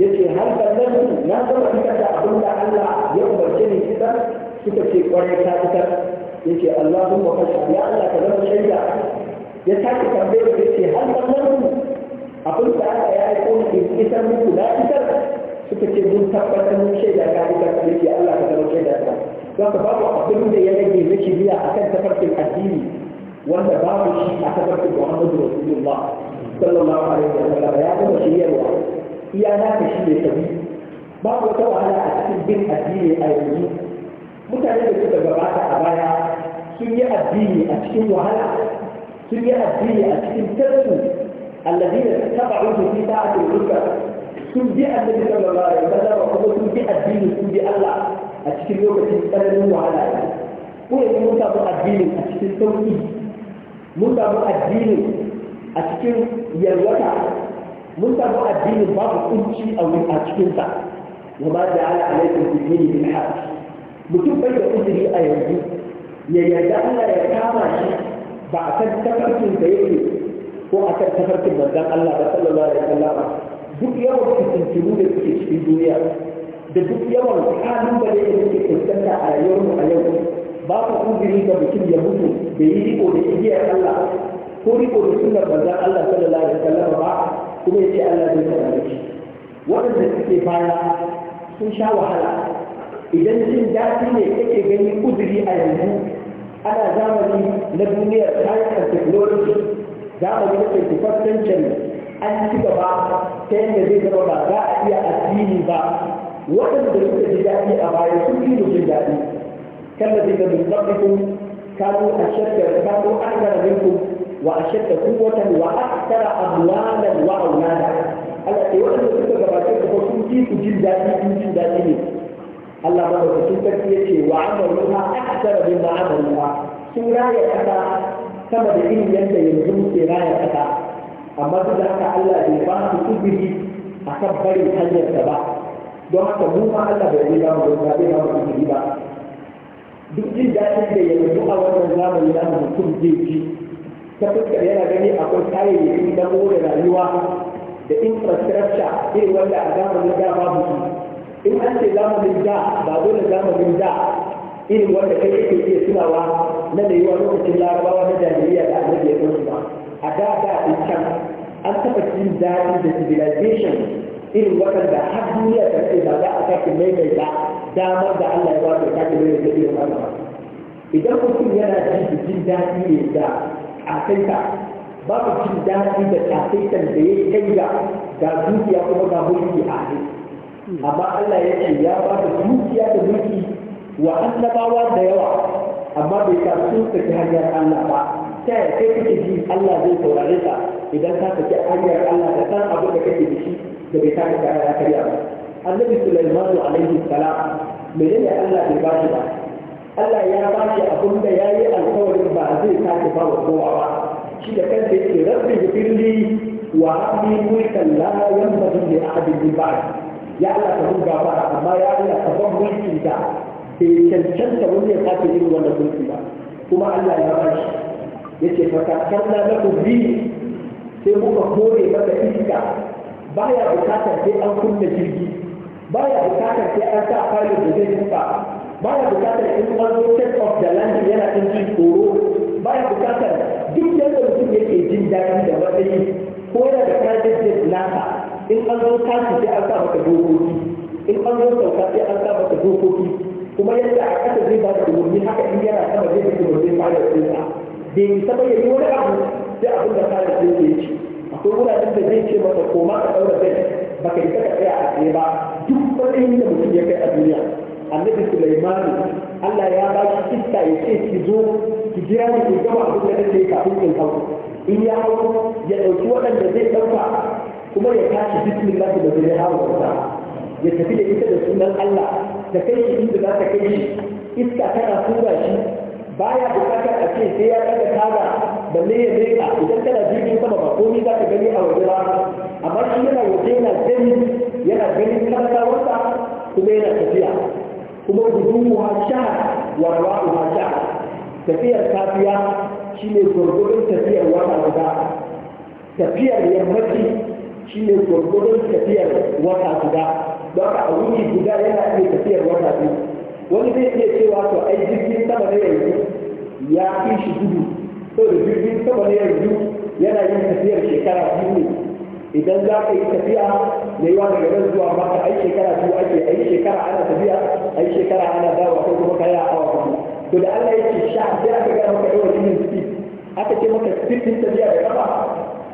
yace har sannan na gama cika da abin da Allah ya umarce ni kisa suka ce kwarai ta ce yace Allahumma fashhad ya Allah ka zama shaida ya sake tambaye da ce har sannan abin da Allah ya aiko ni kisa muku na fitar suka ce mun tabbatar mun shaida ka fitar yace Allah ka zama shaida ka za ka babu abin da ya rage na shirya a kan tafarkin addini wanda babu shi a tafarkin muhammadu rasulullah sallallahu alaihi wa sallam ya gama shiryarwa iya na ka shi ne sabi babu wata wahala a cikin bin addini a yanzu mutane da suka gabata a baya sun yi addini a cikin wahala sun yi addini a cikin tarsu الذين تبعوا في ساعة الرسل sun bi annabi sallallahu alaihi wasallam kuma sun bi addini sun bi Allah a cikin lokacin tsananin wahala ne ko yanzu mun samu addinin a cikin sauki mun samu addinin a cikin yalwata mun samu addinin babu kunci a a cikin sa wa ma da ala alaikum fi dini bil mutum bai da kudiri a yanzu ya yarda Allah ya kama shi ba a kan tafarkin da yake ko a kan tafarkin manzon Allah da sallallahu alaihi wasallam duk yawan fitintunu da suke cikin duniya da duk yawan halin da suke fuskanta a rayuwarmu a yau ba ka ga bikin ya mutu da yi riko da igiyar Allah ko riko da suna manzon Allah sallallahu alaihi wasallam ba kuma ya ce Allah zai da shi waɗanda suke baya sun sha wahala idan jin daɗi ne kake gani uzuri a yanzu ana zamani na duniyar science and technology zamani na kai an ci gaba ta yadda zai zama ba za a iya addini ba وقد بلغت جدائي أغاية تكيد جدائي كالذي من قبلكم كانوا أشد كانوا أكثر منكم وأشد قوة وأكثر أموالا وأولادا التي وقد بلغت جدائي جدائي جدائي الله ما هو تكيد وعملها أكثر مما عملها سورة يتكى كما بإن ينتهي من سورة يتكى أما تدعك الله بفاق تبهي أكبر من الحجر تبعك don haka mu ma Allah bai yi damu don bai damu da kiri ba duk jin daɗin da ya yanzu a wannan zamani na mutum zai ji ta fuskar yana gani akwai kayayyakin da more rayuwa da infrastructure irin wanda a zamanin da mu su in an ce zamanin da ba dole zamanin da irin wanda kai ke iya tunawa na da yiwa lokacin larabawa na jami'a da annabi ya ba a da da can an taɓa jin daɗi da civilization irin waɗanda har duniya ta ce ba za a sake maimaita damar da Allah ya wato ta sake maimaita irin wannan ba idan mutum yana jin jin daɗi ne da ba babu jin daɗi da ƙasaitan da ya kai ga ga dukiya kuma ga mulki a ne amma Allah ya ce ya ba da dukiya da mulki wa annabawa da yawa amma bai ka sun saki hanyar Allah ba ta yaya kai kake ji Allah zai saurare ka idan ka saki hanyar Allah da san abin da kake da shi da bai kare kare ya karya ba annabi Sulaiman alaihi salam menene Allah bai ba shi ba Allah ya ba shi abin da ya yi alkawarin ba zai sake bawa kowa ba shi da kanta yake rabbi gifirli wa habbi mulkan la yanbaghi li ahadin min ba'di ya Allah ka mun gafara amma ya Allah ka ban mulki da bai cancanta wani ya sake irin wannan mulki ba kuma Allah ya ba shi yace fa ka kanna lakum bi sai muka kore maka iska baya bukatar sai an kunna jirgi baya bukatar sai an sa pilot da zai tuka baya bukatar in an zo take off da landing yana ɗin jin tsoro baya bukatar duk yadda mutum yake jin daɗi da matsayi ko yana da private jet nasa in an zo tashi sai an sa maka dokoki in an zo sauka sai an sa maka dokoki kuma yadda a ƙasa zai ba da umarni haka in yana sama zai fi umarni pilot ɗinsa bai ba ya wani abu sai abin da pilot ɗin ya ci akwai wuraren da zai ce maka koma ka daura ba baka yi saka tsaya a tsaye ba duk matsayin da mutum ya kai a duniya annabi sulaimani Allah ya ba shi iska ya ce ki zo ki jira ni ki gama abin da nake kafin in hau in ya hau ya ɗauki waɗanda zai ɗauka kuma ya tashi bismillah da zai hawa kusa ya tafi da ita da sunan Allah da kai shi inda za ta kai shi iska tana tura shi baya bukatar a ce sai ya ɗaga taga balle ya rika idan kana jirgin sama ba komai za ka gani a waje ba amma shi yana waje yana gani yana ganin wata kuma yana tafiya kuma gudu ha sha warwa ha sha tafiyar safiya shine gurgurin tafiyar wata guda tafiyar yammaci shine gurgurin tafiyar wata guda don a wuni guda yana iya tafiyar wata biyu wani zai iya cewa to ai jirgin sama na yanzu ya fi shi gudu to da jirgin sama na yanzu yana yin tafiyar shekara biyu ne idan za ka yi tafiya da yawa daga nan zuwa maka ai shekara biyu ake ai shekara ana tafiya ai shekara ana dawa ko kuma kaya a awa kuma to da Allah ya ce sha sai aka gaya maka yawan jirgin speed aka ce maka jirgin tafiya da kafa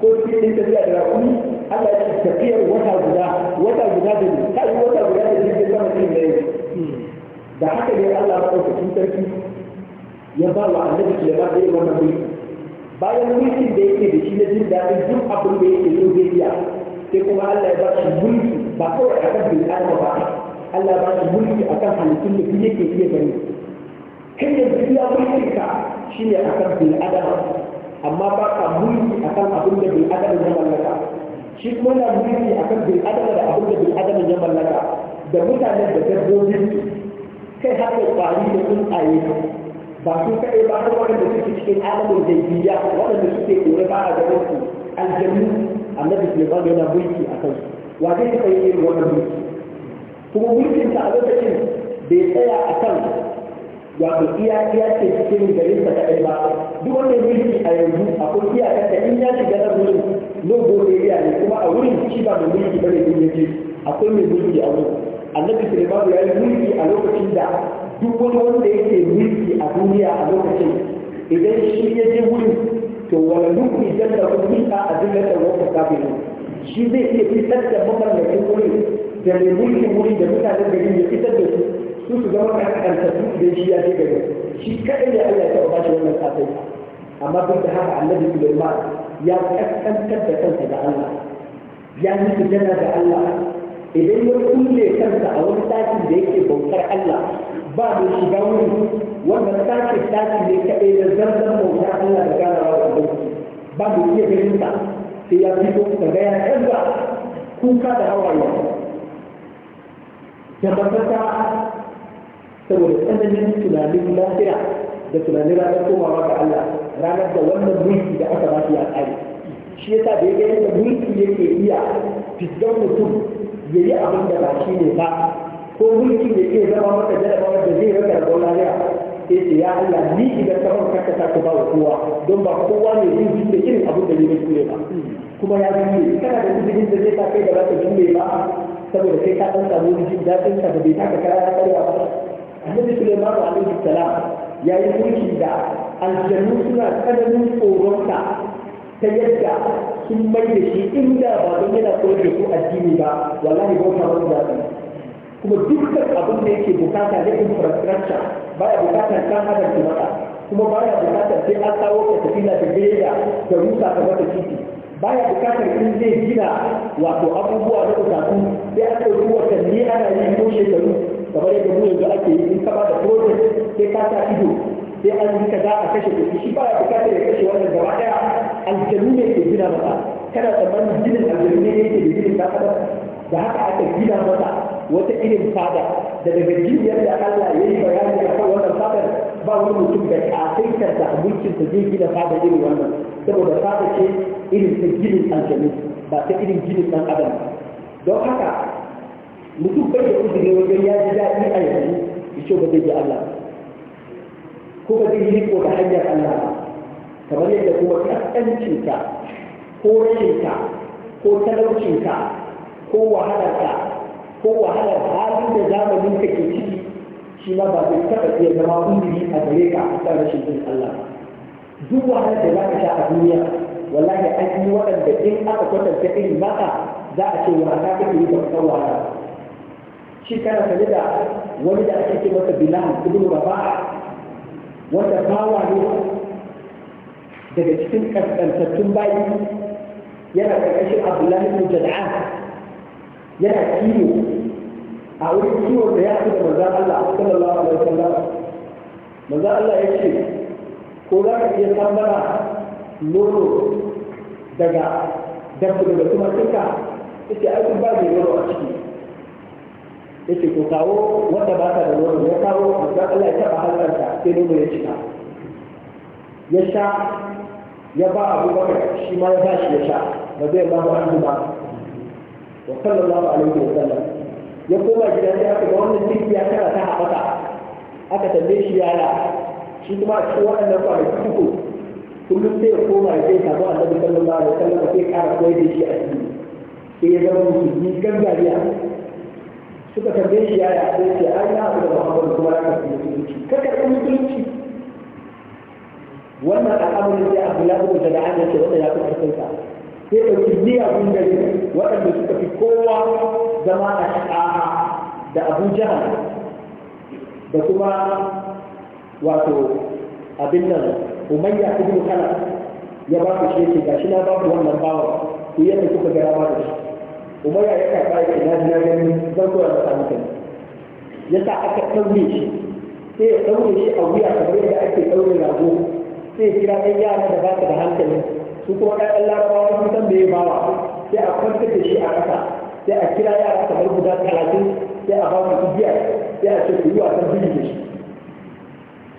ko jirgin tafiya da rakumi Allah ya ce tafiyar wata guda wata guda da ne yi wata guda da jirgin sama ne da da haka ne Allah ya cikin sarki ya ba wa annabi ba dai wannan mulki bayan mulkin da yake da shi na jin daɗin duk abin da yake so zai iya sai kuma Allah ya ba shi mulki ba kawai a kan bin adama ba Allah ba shi mulki a kan halittun da duk ke iya gani kai yanzu iya mulkin ka shine a kan bin adama amma ba ka mulki a kan abin da bin adama ya mallaka shi kuma na mulki a kan bin adama da abin da bin adama ya mallaka da mutanen da dabbobin kai har da kwari da tsaye ba su kaɗe ba har waɗanda suke cikin alamun jaibiya waɗanda suke kore ba a gaban su na annabi ba yana mulki a kansu wa zai ta yi irin wannan mulki kuma mulkinsa a lokacin bai tsaya a kan wato iya iya ce cikin garin sa kaɗai ba duk wani mulki a yanzu akwai iyakar da in ya shiga na wurin nan gobe ne kuma a wurin shi ba da mulki bane ya ce akwai mai mulki a wurin annabi sulaiman ya yi mulki a lokacin da duk wani wanda yake mulki a duniya a lokacin idan shi ya je wurin to wani nufi jalla kuma a adillatar wata kafin shi zai iya fitar da mamallakin wurin da mai mulkin wurin da mutanen gari ya fitar da su su su zama kankantattu idan shi ya je gari shi kaɗai ya Allah ya taɓa bashi wannan kafin amma duk da haka annabi sulaiman ya kaskantar da kansa da Allah ya nufi jalla da Allah idan ya kulle kansa a wani ɗakin da yake bautar Allah ba da shiga wani wannan ɗakin ɗaki ne kaɗai da zarzan bautar Allah da ganawa da bauki ba da iya ganin sai ya ko ka gaya ya ba. kuka da hawaye da matasa saboda tsananin tunanin lafiya da tunanin ranar komawa ga Allah ranar da wannan mulki da aka ba shi ya ƙare shi yasa da ya ga yadda mulki yake iya fitar mutum ya yi abin da ba shi ne ba ko mulki da ke zama maka jarabawa da zai raka da gwamnati ya ce ya Allah ni idan ka ban kaka ta ba wa kowa don ba kowa ne zai ji da irin abin da ne kure ba kuma ya ji kana da izinin da zai ta kai da ba ka ba saboda kai ka dan samu jin dadin ka da bai taka kara ya karya ba annabi Sulaiman alaihi salam ya yi mulki da aljannu suna tsananin tsoron ta yadda sun mai da shi inda ba don yana koyar da su addini ba wallahi bauta ba za su kuma dukkan abin da yake bukata na infrastructure baya bukatar kan adam su mata kuma baya bukatar sai an kawo ka tafila da gaya da rusa ka mata titi baya bukatar in zai gina wato abubuwa na bukatu sai an ɗauki watanni ana yi ko shekaru kamar yadda mu yanzu ake yi in ka ba da project sai ka sa ido sai an yi za a kashe kuɗi shi ba ya bukatar ya kashe wannan gaba ɗaya aljanu ne ke gina masa kana tsammanin ginin aljanu ne yake da ginin ta adam da haka aka gina masa wata irin fada da daga jiniyar da Allah ya yi bayani a kan wannan fadar ba wani mutum da kasaitar da mulkin sa zai gina fada irin wannan saboda fada ce irin ta ginin aljanu ba ta irin ginin ɗan adam don haka mutum bai da uzuri wajen ya ji daɗi a yanzu ya ce ba zai ji Allah ko ba yi ko da hanyar Allah ba kamar yadda kuma kaskancinka ko rashinka ko talaucinka ko wahalarka ko wahalar halin da zamanin ka ke ciki shi ma ba zai taɓa iya zama undiri a gare ka a kan rashin jin Allah duk wahalar da za ka sha a duniya wallahi an yi waɗanda in aka kwatanta irin maka za a ce ka ke yi da kusan wahala shi kana sanye da wani da ake ce masa bilal ibn wanda bawa ne daga cikin kaskantattun bayi yana ƙarƙashin abdullahi bin jada'an yana kiwo a wurin kiwon da ya fi da manzan Allah sallallahu alaihi wasallam manzan Allah ya ce ko za ka iya tambara nono daga dabba daga tumatinka ita ai ba mai nono a ciki yake ko kawo wanda ba ta da nono ya kawo manzon Allah ya taba halarta sai nono ya cika ya sha ya ba Abu ba shi ma ya ba shi ya sha ba zai ba ba ba wa sallallahu alaihi wa sallam ya koma gida sai aka ga wannan cikin ya tana ta haɓaka aka tambaye shi yara shi kuma a cikin waɗannan kwanaki uku kullum sai ya koma ya sai samu annabi sallallahu alaihi wa sallam sai kara koyar da shi a cikin sai ya zama musulmi gangariya suka tambaye shi yi a ce ai na da muhammadu kuma ya karɓi mutunci. ka karɓi mutunci? wannan al'amarin sai abdullahi bin jada'an ya yake wanda ya fi karfin sa sai ɗauki kun gari waɗanda suka fi kowa zama a shi'aha da abu jihar da kuma wato abin nan umayya ibn kala ya ba ku shi yake shi na ba ku wannan bawa ku yadda kuka gara ba da shi umar ya karɓa ya na jina ganin zan na samu ya sa aka ɗaure shi sai ya ɗaure shi a wuya kamar yadda ake ɗaure rago sai ya kira ɗan yara da ba ta da hankali su kuma ɗan larabawa sun san da ya bawa sai a kwanta da shi a ƙasa sai a kira yara kamar guda talatin sai a ba su biya sai a ce ku yi wasan biyu da shi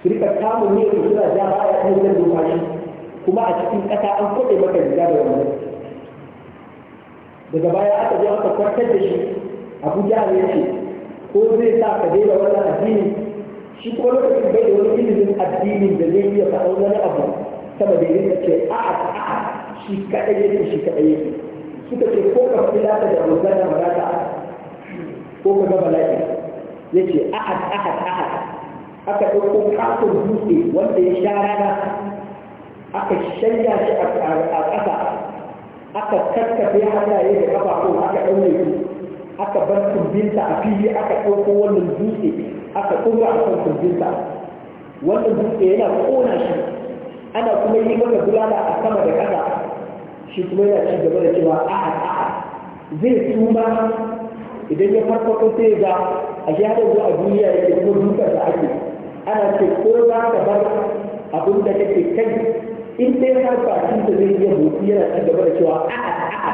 su rika kamun ne su suna ja ba a iya kuma a cikin ƙasa an kwaɗe maka riga da wannan daga baya aka zo aka kwantar da shi abu jahar ya ce ko zai sa ka daina wannan addini shi ko lokacin bai da wani ilimin addinin da zai iya faɗa wani abu sama da yin ce a'a a'a shi kaɗai yake shi kaɗai yake suka ce ko ka fi lata da rosana ba za ko ka ga bala'i ya ce ahad ahad ahad aka ɗauko katon dutse wanda ya sha rana aka shanya shi a ƙasa aka kakkafe hannaye da kafafun aka ɗaure su aka bar kumbinta a fili aka ɗauko wannan dutse aka ɗora a kan kumbinta wannan dutse yana ƙona shi ana kuma yi maka bulala a sama da ƙasa shi kuma yana ci gaba da cewa a'a a'a zai tuba idan ya ko sai ga a shahadar zuwa duniya yake kuma dukkan da ake ana ce ko za ka bar abin da kake kai in ɗaya har bakin da zai iya buɗi yana ci gaba da cewa a'a a'a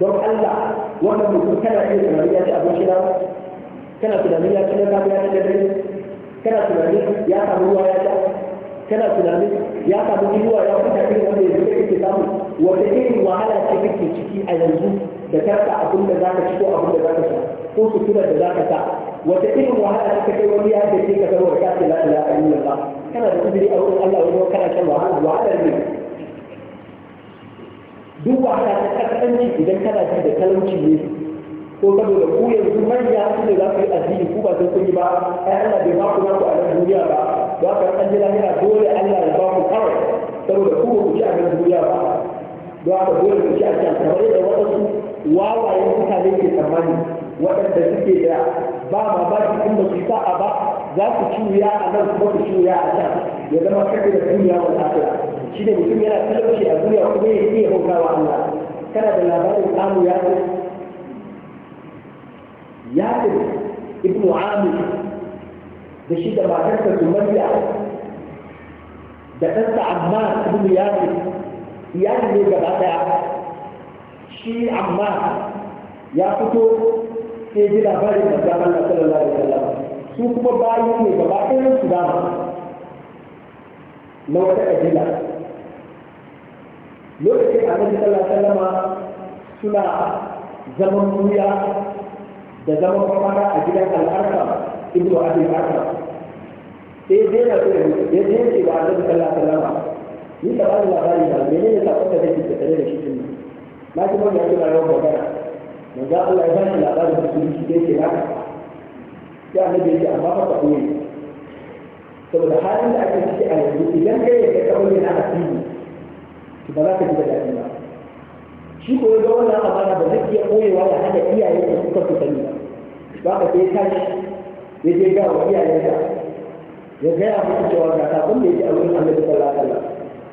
don Allah wanda mutum kana iya tunanin ya ci abinci na kana tunanin ya ci na kafa ya ci da dare kana tunanin ya samu ruwa ya sha kana tunanin ya samu ruwa ya fita irin wanda ya zuba yake samu wata irin wahala ce kake ciki a yanzu da karka abin da za ka ci ko abin da za ka sha ko sutura da za ka sa وتكتب وهذا تكتب وهي تكتب كتب وركات لا لا إلا الله كما تقول أو الله أو كما تقول هذا وعلى المين دو على تكتبني إذا كان هذا كلام كبير وقالوا له هو يزول من يأتي لله في الأزيل فوبا تقول يبا أعلى بباق ما هو على الدنيا با وقال أن جلا هنا دولة أعلى بباق قرر قالوا له هو مجاعة من الدنيا با وقال دولة مجاعة كانت مريضة وقصوا واوا يمتها ليكي تماني waɗanda suke da ba ma ba su inda su sa'a ba za su ciwuya a nan kuma su ciwuya a can ya zama kake da duniya wa lafiya shi ne mutum yana talauci a duniya kuma ya iya hauka wa Allah kana da labarin kamu ya ce ya ce ibnu amir da shi da matarsa sumayya da ɗansa amma ibnu yasir iyali ne gaba ɗaya shi amma ya fito sai ji labarin da ga Allah sallallahu alaihi wasallam su kuma bayi ne gaba ɗayan su da na wata kabila lokacin annabi sallallahu alaihi wasallam suna zaman duniya da zaman fara a gidan al'arka ibnu abi bakr sai dai na so ya je ba annabi sallallahu alaihi wasallam ni da ba labari da menene ta kuka da ke tare da shi na ji mun ya kira yau magana yanzu Allah ya bani labarin musulunci da yake naka sai annabi yake amma fa ka koyi saboda halin da ake ciki a yanzu idan kai ya kai kawai na asiri to ba za ka ji da daɗi ba shi ko ga wannan amana ba zai iya koyewa ya hada iyaye da suka su sani ba ba ka sai tashi ya je ga wa iyayensa ya gaya musu cewa ga sakon da yake a wurin annabi sallallahu alaihi wasallam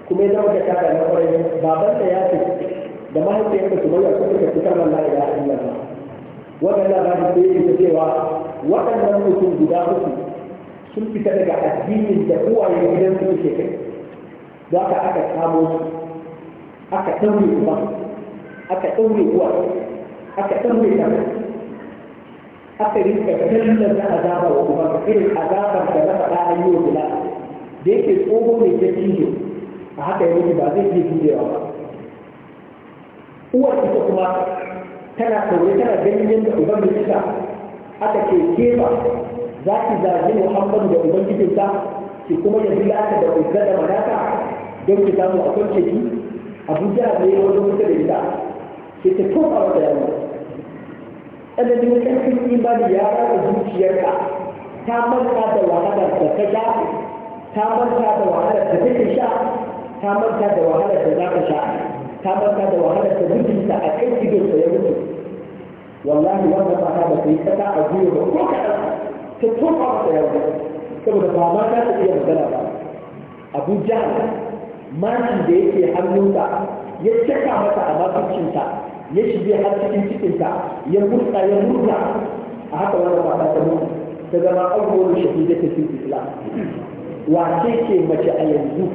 kuma ya zama da kaka na kwarai Babanta ya ce da mahaifiyar da sumayya sun suka fitar da la ba illallah waɗannan ranar da yake cewa waɗannan mutum guda uku sun fita daga addinin da uwaye gidan su suke kai da aka aka kamo su aka ɗaure uwa aka ɗaure uwa aka ɗaure ta aka rinka kallon da azaba wa kuma ka irin azabar da zama faɗa a yi wa bila da yake tsohon mai ta a haka ya ba zai iya jurewa ba uwar ita kuma tana kaure tana ganin yadda uban da kisa aka ce kefa za ki zaji muhammadu da ta, ki kuma ya lata da uzza da manata don ki samu a kwance ki abuja da ya wajen kusa da ita ke ta tofa wata yaro ɗanɗan da ƙarfin imani ya rasa zuciyarka ta manta da wahalar da ta sha ta manta da wahalar da take sha ta manta da wahalar da za ka sha ta barka da wahalar ta mijinta a kan idon ta ya mutu wallahi wannan mata ba ta yi kasa a zuwa ba ko kaɗan ta tofa masa ya mutu saboda ba ma ta iya magana ba abu jahal mashin da yake hannunsa ya caka mata a makuncinta ya shige har cikin cikinta ya murta ya murta a haka wannan mata ta mutu ta zama abubuwan shahidai ta cikin islam wace ce mace a yanzu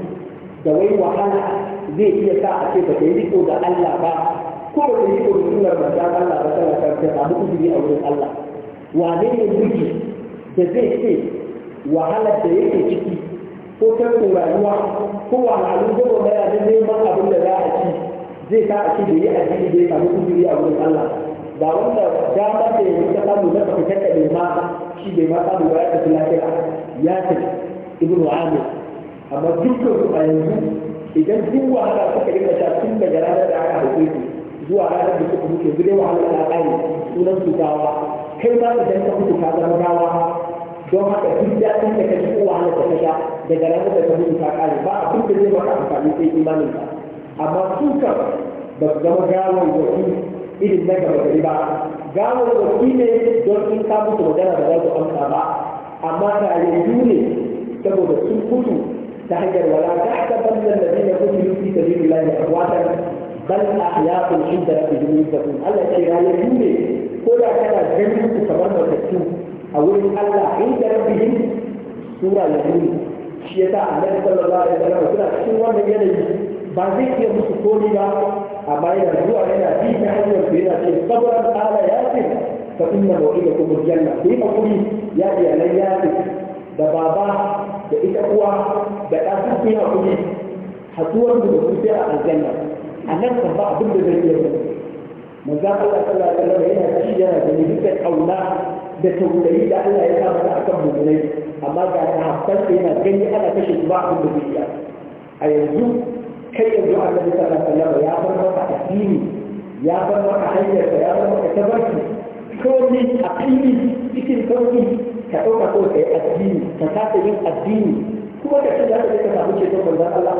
da wai wahala zai iya sa a ce ba ta yi riko da Allah ba ko ba ta yi riko da sunar manzan Allah ba ta karfe a mutu a wurin Allah wane ne miji da zai ce wahalar da yake ciki ko tarko rayuwa ko wahalhalun gaba da ya neman abin da za a ci zai sa a ce da yi a ciki da ya samu kujiri a wurin Allah ba wanda dama da ya ta samu na ka fitar da ma shi bai ma samu ba ya tafi lafiya ya ce ibnu amir amma dukkan su a yanzu idan duk wahala suka yi mata tun daga ranar da aka haife su zuwa ranar da suka mutu yanzu dai wahala ta sunan su gawa kai ma idan ka mutu ka zama gawa don haka duk da ka ji ko wahala ta daga ranar da ka mutu ka ƙare ba duk da zai maka amfani sai imanin ka amma su kan ba su zama gawar wasi irin na gaba gari ba gawar wasi ne don in ka mutu magana da za su amsa ba amma tare ne saboda sun mutu. ta hanyar wala ta haka da zai yako ne fi da zai lai da kwata bal a ya kunshi da rafi jini da kun Allah ya yi ne ko da kana ganin ku kamar da kacci a wurin Allah in da rafi sura ya yi shi ya sa annabi sallallahu alaihi wasallam suna cikin da yanayi ba zai iya musu komai ba a baya da zuwa yana bi ta hanyar su yana ce sabuwar ala ya ce ka inna mawaidakum aljanna bi hakuri ya iya lan ya ce da baba da ita uwa da ɗa su yi hakuri haduwar mu da a aljanna a nan kan ba abin da zai iya za manzo Allah sallallahu alaihi wasallam yana ci yana da dukkan kauna da tausayi da Allah ya kama ta akan mu'minai amma ga ta hafsan yana gani ana kashe ba abin da zai yi a yanzu kai yanzu Allah sallallahu alaihi wasallam ya bar maka addini ya bar maka hanyar ya bar maka tabarki komi a fili cikin sauki ka ɗauka ko ka yi addini ka kasa yin addini kuma ka ce za ka je ka samu ceton manzon Allah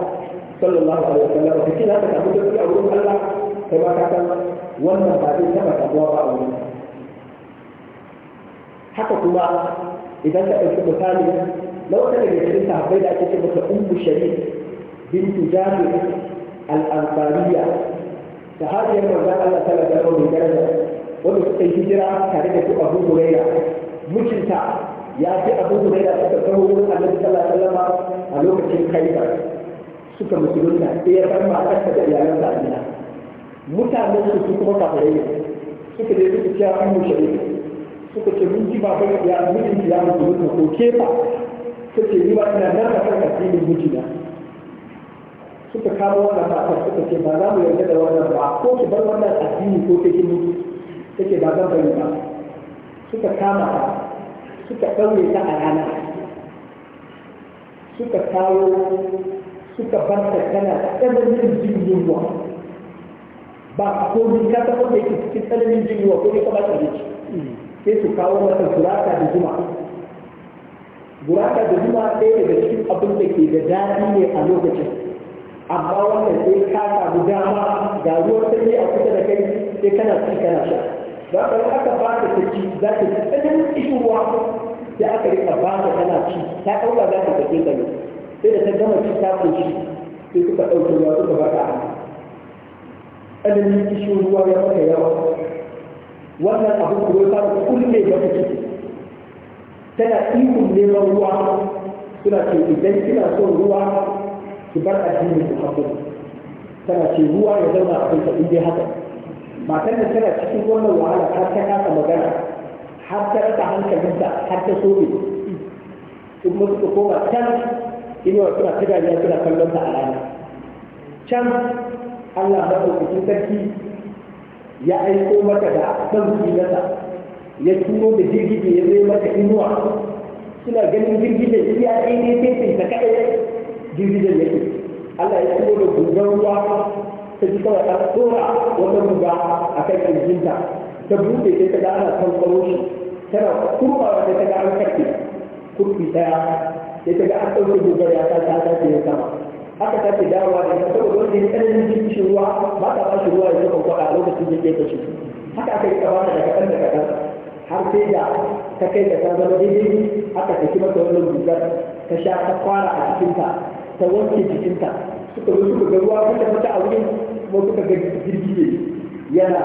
sallallahu alaihi wasallam ka ce za ka samu sauki a wurin Allah kai ma ka san wannan ba zai taɓa samuwa ba a wurin haka kuma idan ka ɗauki misali na wata daga cikin sahabbai da ake ce masa ummu sharif bintu jabir al-ansariya sahabiyar manzon Allah sallallahu alaihi wasallam wanda suka yi hijira tare da su abu huraira mutunta ya fi abu huraira suka kawo wurin annabi sallallahu alaihi wasallam a lokacin kaifa suka musulunta sai ya san matarsa da iyalan da amina mutanen su su kuma kafare ne suka je suka ce an mu shari'a suka ce mun ji ba ba ya mutunci ya mutu ko kefa suka yi ni ba ina nan ji mun ji mijina suka kawo wannan matar suka ce ba za mu yarda da wannan ba ko ki bar wannan addini ko ke kin mutu take ba zan bari ba suka kama ta suka ɗaure ta a rana suka kawo suka banta tana tsananin jin yunwa ba ko ni ka taɓa da yake cikin tsananin jin yunwa ko ni ka ba ta yake sai su kawo mata burata da zuma burata da zuma ɗaya daga cikin abin da ke da daɗi ne a lokacin amma wannan sai ka samu dama ga ruwan sai a kusa da kai sai kana ci kana sha za ka aka ba ta ta ci za ta ci tsanin ruwa sai aka yi ba ta tana ci ta ɗauka za ta tafi ta ne sai da ta gama ci ta kunshi sai suka ɗauki ruwa suka ba ta hannu tsananin kishin ruwa ya maka yawa wannan abu kuma ta kulle ta ciki tana ikon neman ruwa suna ce idan kina son ruwa ki bar addinin ku hakuri tana ce ruwa ya zama a kanka in dai haka matar da tana cikin wannan wahala har ta kasa magana har ta rasa hankalinta har ta sobe in mun ta koma can inuwa suna ta ne suna kallon ta a rana can Allah maɗaukakin sarki ya aiko mata da san zuciyarsa ya turo da jirgin ya zai mata inuwa suna ganin jirgin da ɗaya ne sai ta kaɗai jirgin da yake Allah ya turo da gudan ruwa ta ji kawai ta tsora wata guga a kan kirjinta ta buɗe sai ta ga ana kan kwaro shi tana kurbawa sai ta ga an karfe kurfi ɗaya sai ta ga an ɗauke gugar ya sa, ta ta ya sama ta ke dawowa da ita saboda wanda ya tsananin jin jirgin ruwa ba ta ba shi ruwa ya saka kwaɗa a lokacin da ke kashi haka aka yi tsawata da kaɗan da kaɗan har sai da ta kai da ta zama daidai aka tafi mata wannan gugar ta sha ta fara a cikinta ta wanke jikinta suka yi suka ga ruwa suka mata a wurin kuma suka ga girgije yana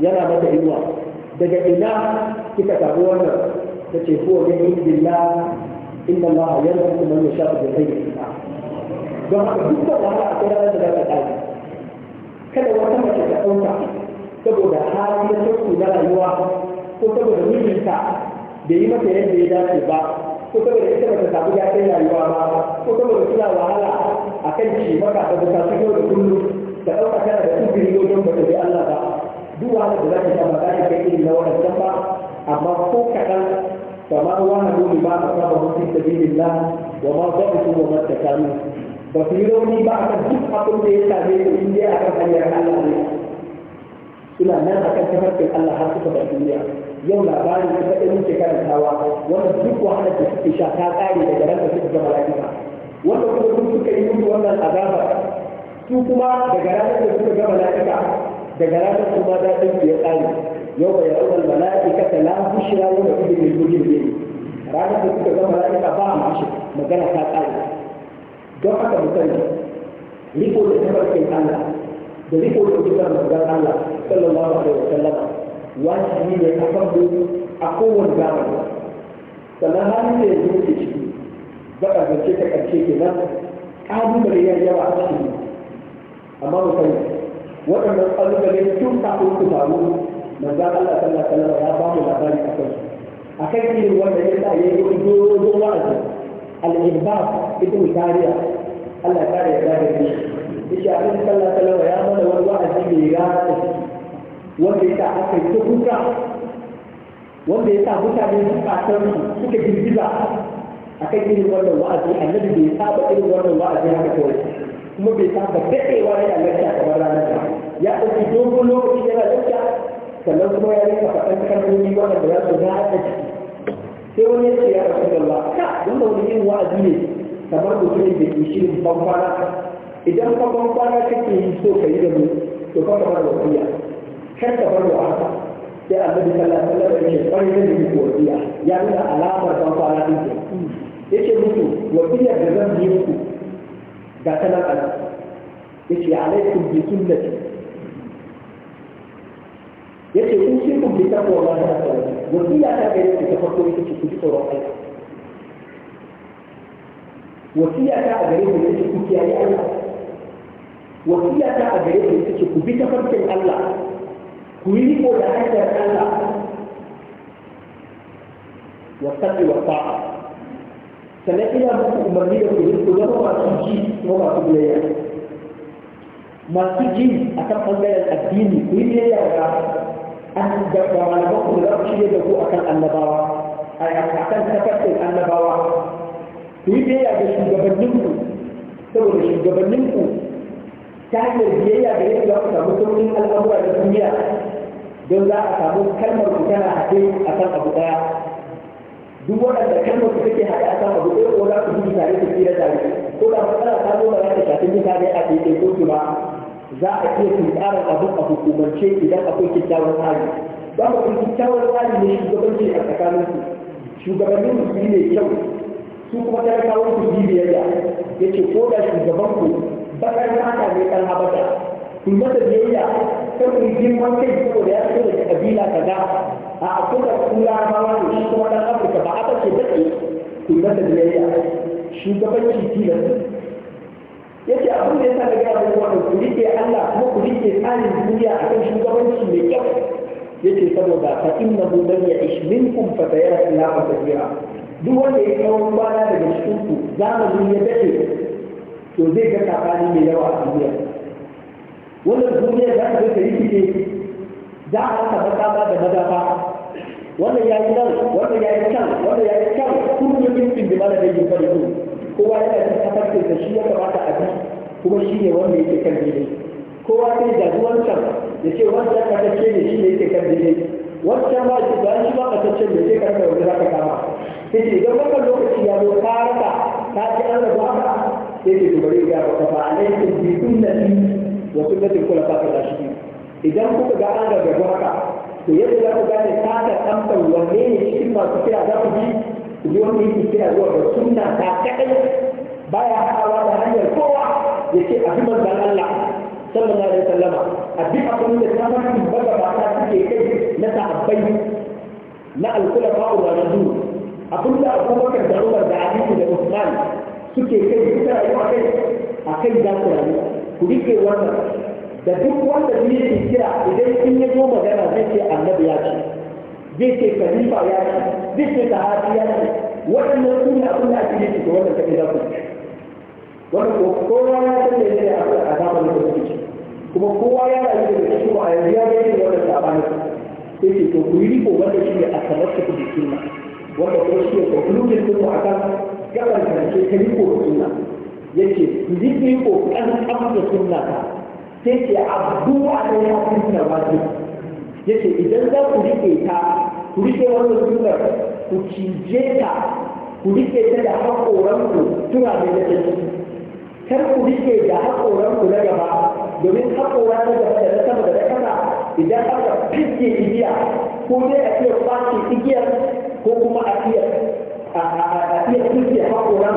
yana mata inuwa daga ina kika samu wannan ta ce ko ne indillah inna Allah yarzuqu kuma yasha'u bi da hisab don haka duk da wahala akwai ranar da za ta tsaya kada wata mace ta ɗauka saboda hali ya sauƙi na rayuwa ko saboda mijinta bai yi mata yadda ya dace ba ko saboda ita ba ta samu daɗin rayuwa ba ko saboda suna wahala a kan ci maka ba ta samu da kullum da ɗauka tana da kufiri wajen ba ta bi Allah ba duk wahala da za ta sha ba za ta kai irin na wadancan ba amma ko kaɗan فما وهنوا لما أصابهم في سبيل الله وما ضعفوا وما استكانوا وفي لوني بعد الصفحة اللي يتابعوا إياها كما يرحل الله إلى أن Allah تفكر الله حتى تبقى yau labarin da kaɗai muke karantawa wanda duk wahalar da suke sha ta ƙare daga nan da suke ga mala'ika wanda kuma duk suka yi musu wannan azaba su kuma daga ranar da suka ga mala'ika daga ranar kuma daɗin su ya ƙare yau ba ya raunar mala'ika ta la bushira yau da kuɗi mai gudun ne ranar da suka ga mala'ika ba a mashi magana ta ƙare don haka mu sani riko da tafarkin Allah da riko da kitabun Allah sallallahu alaihi wa sallama wajibi ne a kan mu a kowane zamani sannan halin da yanzu ke ciki zaɓa zance ta ƙarshe ke nan ƙalubale ya yawa a cikin amma mu sani waɗannan ƙalubale tun kafin su faru manzan Allah na alaihi ya ba mu labari a kansu a kan irin wanda ya sa ya yi wani dogon wa'azi al-ibab ibn tariya Allah ya kare ya kare shi yake abin sallallahu alaihi ya mana wani wa'azi mai gara da wanda ya sa aka yi ta huta wanda ya sa mutane kasar suka girgiza a kan irin wannan wa'azi annabi bai saba irin wannan wa'azi haka kawai kuma bai saba daɗewa yana lakta kamar ranar da ya ɗauki dogon lokaci yana lakta sannan kuma ya rika faɗan kalmomi wanda ba za su zaɗa ciki sai wani ya ce ya rasu da Allah ka wanda wani irin wa'azi ne kamar ne da ke shirin ban kwana idan ka ban kwana kake yi so ka yi da mu to ka kamar wasiya kar ka bar wa haka sai annabi sallallahu alaihi wasallam yake kwarai da yake wasiya ya nuna alamar ban fara din ke yake musu wasiyar da zan yi muku ga sanan Allah yake alaikum bi sunnati yake in shi kun bi ta takwa Allah ta tsara wasiya ta gare ku ta farko ita ce ku ji tsoron Allah wasiya ta a gare ku ita ce ku kiyaye Allah wasiya ta a gare ku ita ce ku bi tafarkin Allah ku yi riko da hanyar Allah wasaƙi wasaƙa sannan ina muku umarni da ku yi ku zama masu ji kuma masu biyayya masu ji a kan ɓangaren addini ku yi biyayya ga an da ba malaman ku za ku shirya da ku akan annabawa a akan tafarkin annabawa ku yi biyayya ga shugabanninku saboda shugabanninku ta hanyar biyayya da yadda za ku samu sauƙin al'amura da duniya don za a samu kalmar ku tana haɗe a kan abu ɗaya duk waɗanda kalmar ku take haɗe a kan abu ɗaya ko za ku gudu tare da tsira tare ko da matsala ta zo ba za ta shafi tare a ɗaiɗai ko su ba za a iya tsara abu a hukumance idan akwai kyakkyawan tsari ba mu kun kyakkyawan hali ne shugabanci a tsakaninku shugabannin musulmi ne kyau su kuma biyu ku biyayya ya ce ko da shugaban ku bakar fata ne kan habata ku masa biyayya kan ku girman kai da ya fito daga kabila kaza a akwai kula ba wani shi kuma dan afirka ba aka ce baki ku masa biyayya shugabanci Ya ce abin da ya na gaya muku wannan ku rike Allah kuma ku rike tsarin duniya akan shugabanci mai kyau Ya ce saboda ka fa innahu man ya'ish minkum ta sayara khilafa kathira duk wanda ya kawo kwana daga cikin ku zamani ya dace to zai ga kafani mai yawa a duniya wannan duniya za ka da rikice za a haka ba da madafa wannan ya yi nan wannan ya yi can wannan ya yi can yi yin bin da mana da yin farko kowa yana jin kafarce da shi ya kamata a bi kuma shi ne wanda yake kan daidai kowa sai da wancan da ce wanda ka tace ne shi ne yake kan daidai wancan ba shi bayan shi ba ka tace ne sai ka rasa wanda za ka kama sai idan wannan lokaci ya zo ka ta ka ji an rabu haka sai ke bari ga wa kafa alaikum bi sunnati wa sunnati al-khulafa ar-rashidin idan kuka ga an daga haka to yadda za ku gane ta da tsamfar wanne ne cikin masu kira za ku bi ku bi wanda yake kira zuwa ga sunna ta kadai baya hawa da hanyar kowa ya ce a bi manzon Allah sallallahu alaihi wasallama a bi abin da ta mafi baga ba ta suke kai na sahabbai na al-khulafa ar-rashidin abin da Abubakar da Umar da Ali da Uthman suke kai suka rayuwa a kai a kai za ku rayu ku rike wannan da duk wanda ne ke kira idan in ya zo magana zai ce annabi ya ce zai ce kalifa ya ce zai ce sahabi ya ce waɗannan su ne abin da ake yi da wannan kafin za ku wannan ko kowa ya san da yake a zamanin da kuke ci kuma kowa ya rayu da cikin a yanzu ya ga yadda wannan sabanin sai ce to ku yi riko wanda shi ne a kamar ta kuɗi sunna wanda kuma shi ne conclusion din mu akan gabar zance ta riko da sunna yace riko kan kamta sunna ta sai ce abu a da ya fi sunna ba ce yace idan za ku rike ta ku rike wannan sunnar ku cije ta ku rike ta da ku tuna da yake kar ku rike da ku na gaba domin haƙora na gaba da ta sama da ta kasa idan aka fiske igiya ko dai a ce ƙwace igiyar ko kuma a iya a iya kuke haƙoran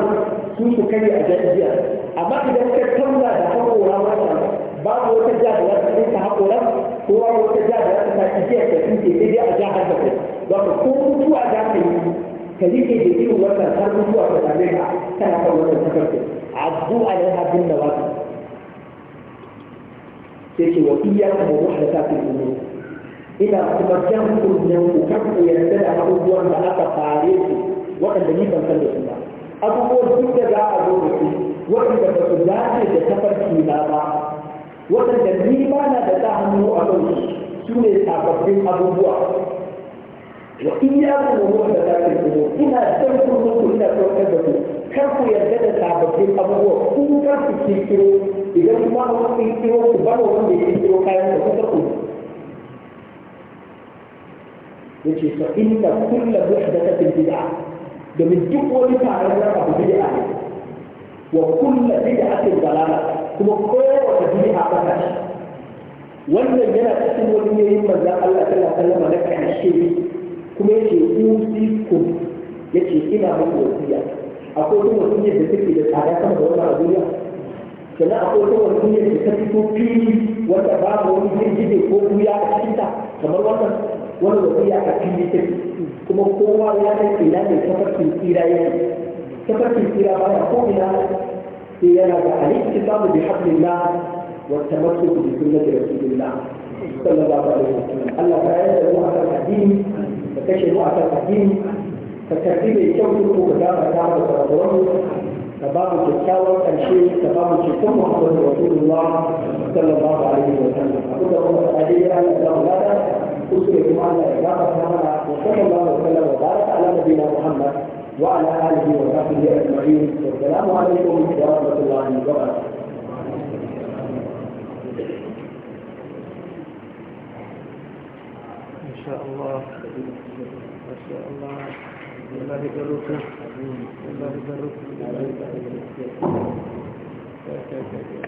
su su kai a jajiya amma idan ka canza da haƙora wannan babu wata ja da za ta kai ta haƙoran ko babu wata ja da za ta kai ajiyar da kuke sai dai a ja har da kai wato ko mutuwa za ka yi ka yi ke da irin wannan har mutuwa ta same ka kana kan wannan tafarkin abu alaiha bin nawafi sai ce wa iyyakum wa muhdathatil umur ina kuma jan kunnen ku kan ku yarda da abubuwan da aka fare su waɗanda ni ban san da su ba abubuwan duk da za a zo da su waɗanda ba su dace da tafarki na ba waɗanda ni ba na da sa hannu a kan su su ne sababbin abubuwa wa in ya kuma mu da zafin kuma ina jan kunnen ku ina saukar da ku kar ku yarda da sababbin abubuwa kun kar ku kirkiro idan kuma ku kirkiro ku bar wanda ya kirkiro kayan da kuka kuma yace fa inna kullu muhdathatin da domin duk wani taron ran abu bid'a ne wa kullu bid'atin dalala kuma wata bid'a ba ta wannan yana cikin wani yayin manzon Allah sallallahu alaihi wasallam na karshe kuma yace ku yace ina muku wasiya akwai kuma wasiyar da take da tsada sama da wannan abuya kana akwai kuma wasiyar da take fito fili wanda babu wani jirgin ko kuya a cikinta kamar wannan wani wasiya a fili take kuma kowa ya san ina ne tafarkin tsira yake tafarkin tsira baya ko ina sai yana da al-ittisamu bi hablillah wa tamassuku bi sunnati rasulillah sallallahu alaihi wasallam Allah ta yarda mu akan addini ka kashe mu akan addini ka karbi mai kyau ko ka dama ta ka karabuwan ka ba mu kyakkyawan ƙarshe ka ba mu cikin Muhammadu Rasulullah sallallahu alaihi wasallam abu da kuma tsari ya Allah ta أسركم على إجابة هذا وصلى الله وسلم وبارك على نبينا محمد وعلى آله وصحبه أجمعين والسلام عليكم ورحمة الله وبركاته إن شاء الله ما شاء الله الله يبارك الله يبارك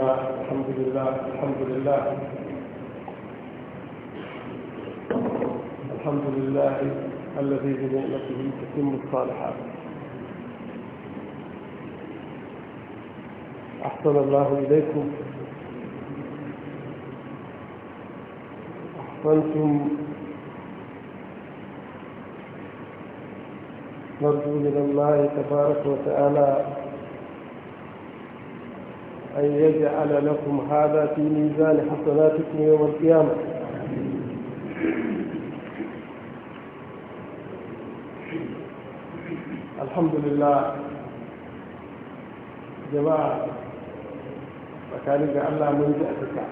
لله الحمد لله الحمد لله الحمد لله الذي بنعمته تتم الصالحات أحسن الله إليكم أحسنتم نرجو من الله تبارك وتعالى أن يجعل لكم هذا في ميزان حسناتكم يوم القيامة الحمد لله جماعة وكان جعلنا من جأتك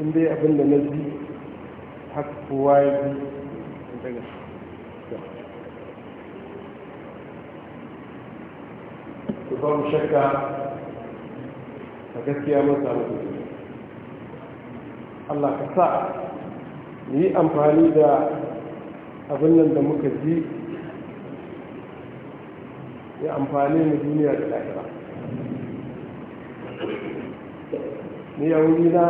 عندي أبن نجي حق فوائدي بدون شكه ka gaskiya mun samu kuɗi Allah ka sa yi amfani da abin nan da muka ji ya amfani mu duniya da lahira ni wuri na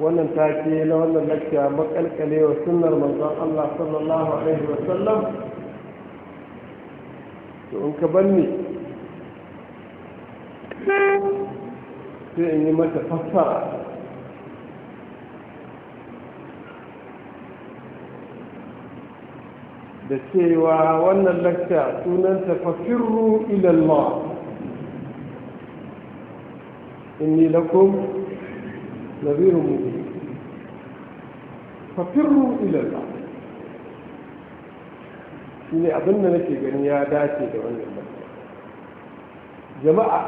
wannan take na wannan makalkale wa sunnar manzon Allah sallallahu alaihi wasallam to in ka banni سيئني ما تفسر بسيوا وانا لك تعطونا تفسروا الى الله اني لكم نذير مبين ففروا الى الله اني اظن لك ان يا داتي جماعه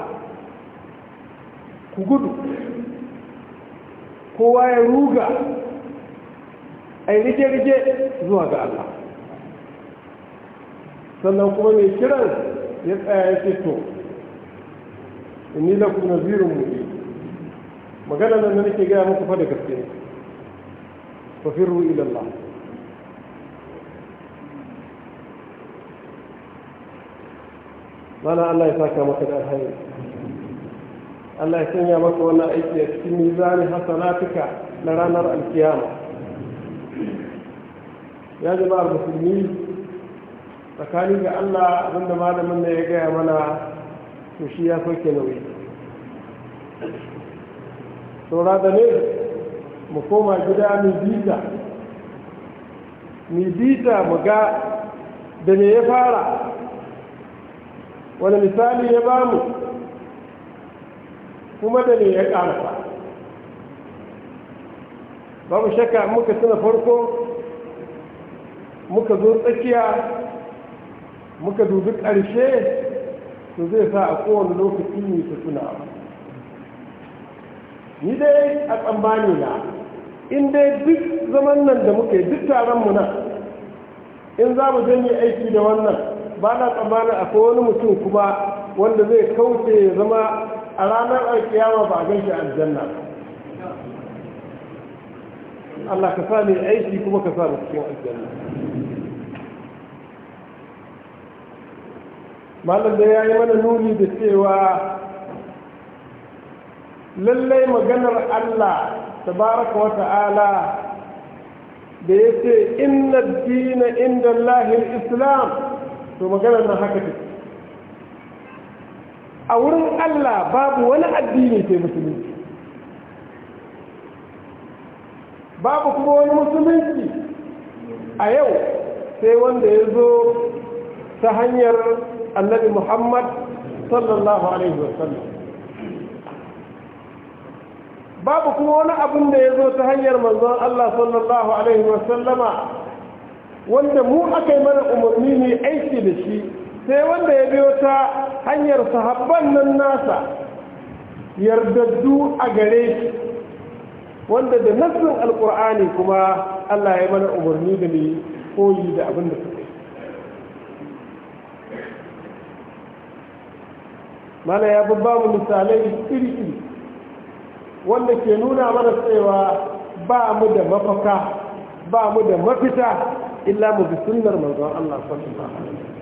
ku gudu kowa ya ruga a yi rike-rike zuwa ga Allah sannan kuma mai kiran ya tsaya ya ce to inni la ku zirin muke magana nan da nake gaya muku fa da gaske ne fa firru mana Allah ya saka maka da alheri Allah ya sanya maka wannan aiki a cikin mizanin hasanatuka na ranar alkiyama ya jama'a musulmi tsakanin ga Allah abinda malamin da ya gaya mana to shi ya soke nauyi saura da ne mu koma gida mu bita mu bita mu ga da me ya fara wani misali ya bamu kuma da ne ya Ba babu shakka muka tuna farko muka zo tsakiya muka dubi ƙarshe su zai sa a kowane lokaci ne su tuna ni dai a tsambani na in duk zaman nan da muka yi duk taron mu nan in za mu janye aiki da wannan ba na tsammanin akwai wani mutum kuma wanda zai kauce ya zama a ranar alkiyama ba a gan shi aljanna Allah ka sa mai aiki kuma ka sa mu cikin aljanna malam da ya yi mana nuni da cewa lallai maganar Allah baraka wa ta'ala da ya ce inna dina inda Allah islam to maganar na haka take a wurin Allah babu wani addini sai musulunci babu kuma wani musulunci a yau sai wanda ya zo ta hanyar annabi Muhammad sallallahu alaihi wasallam babu kuma wani abin da ya zo ta hanyar manzon Allah sallallahu alaihi wasallama wanda mu aka yi mana umarni ne aiki da shi sai wanda ya biyo ta hanyar sahabban nan nasa yardaddu a gare shi wanda da nassin alkur'ani kuma allah ya mana umarni da mai koyi da abin da suka mana ya babba mu misalai iri iri wanda ke nuna mana tsayawa, ba mu da mafaka ba mu da mafita illa mu bi sunnar manzon allah sallallahu alaihi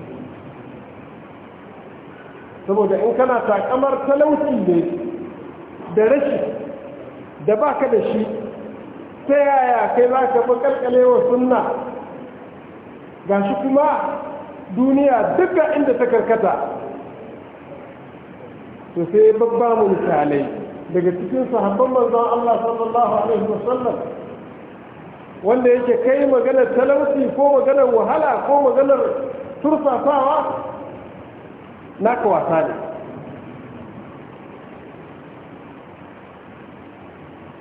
saboda in kana takamar talauci ne da rashi da baka da shi ta yaya kai za ka bakalkale wa sunna ga shi kuma duniya duka inda ta karkata to sai babba mu misalai daga cikin sahabban manzon Allah sallallahu alaihi wasallam wanda yake kai maganar talauci ko maganar wahala ko maganar tursasawa naka wasa ne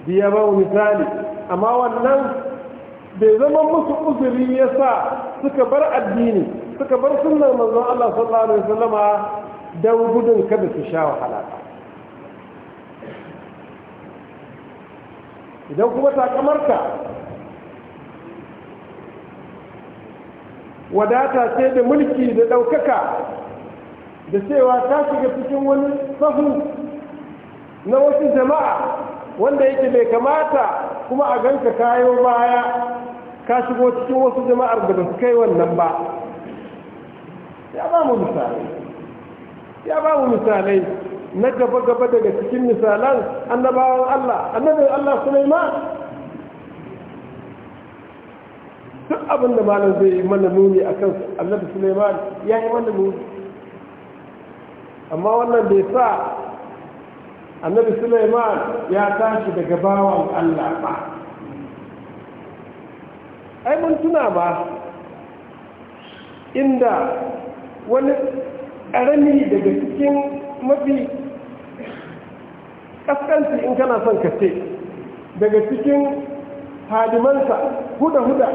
biya ba misali amma wannan bai zama musu uzuri ya sa suka bar addini suka bar sunnar manzon Allah sallallahu alaihi wasallama don gudun kada su sha wahala idan kuma takamarka wadata ce da mulki da ɗaukaka da cewa ta shiga cikin wani sahu na wasu jama'a wanda yake bai kamata kuma a ganka kayo baya ka shigo cikin wasu jama'ar da ba su kai wannan ba ya ba mu misalai ya ba mu misalai na gaba-gaba daga cikin misalan annabawan Allah annabin Allah Sulaiman duk abin da malam zai yi mana nuni a akan annabi Sulaiman ya yi mana nuni amma wannan bai sa annabi suleiman ya tashi daga bawan allah ba ai mun tuna ba inda wani ƙarami daga cikin mafi ƙasƙanci in kana son kace, daga cikin halimansa huda-huda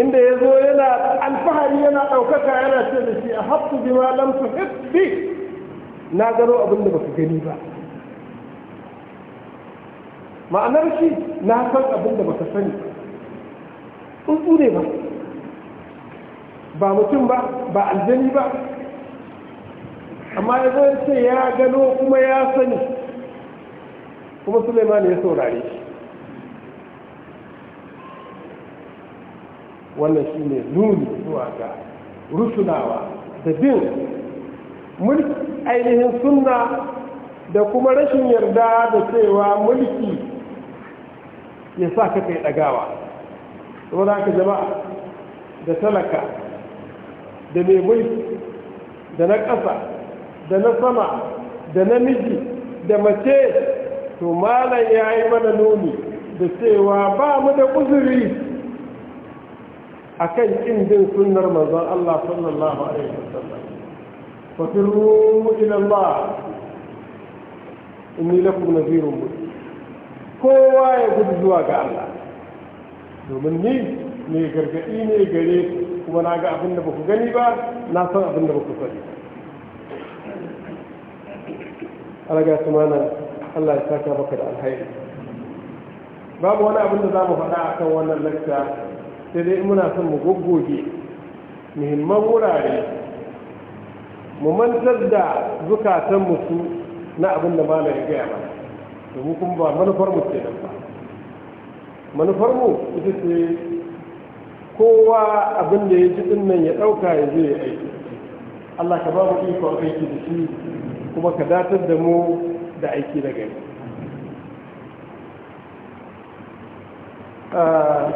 inda ya zo yana alfahari yana ɗaukaka yana ce da shi a haftu bi ma lam na gano abin da baka gani ba ma'anar shi na san abin da baka sani tsuntsu ne ba ba mutum ba ba aljani ba amma ya zo ya ce ya gano kuma ya sani kuma suleiman ya saurare shi wannan shi ne nuni zuwa ga rusunawa da bin mulki ainihin suna da kuma rashin yarda da cewa mulki ya sa ka kai ɗagawa da haka jama'a da talaka da mai mulki da na ƙasa da na sama da namiji da mace to malam ya yi mana nuni da cewa ba mu da uzuri akan kin bin sunnar manzon Allah sallallahu alaihi wasallam fa firru ila Allah inni lakum nadhirun mubin kowa ya gudu zuwa ga Allah domin ni mai gargadi ne gare kuma na ga abin da ba ku gani ba na san abin da ba ku sani alaga su mana Allah ya saka maka da alhairi babu wani abin da za mu faɗa akan wannan lakta sai dai muna son mu goggoge muhimman wurare mu mantar da zukatan musu na abin da mana ya gaya ba domin kuma ba manufar mu ba manufar mu ita ce kowa abin da ya ji dinnan ya ɗauka ya zai aiki Allah ka ba mu ikon aiki da shi kuma ka datar da mu da aiki da gari ah,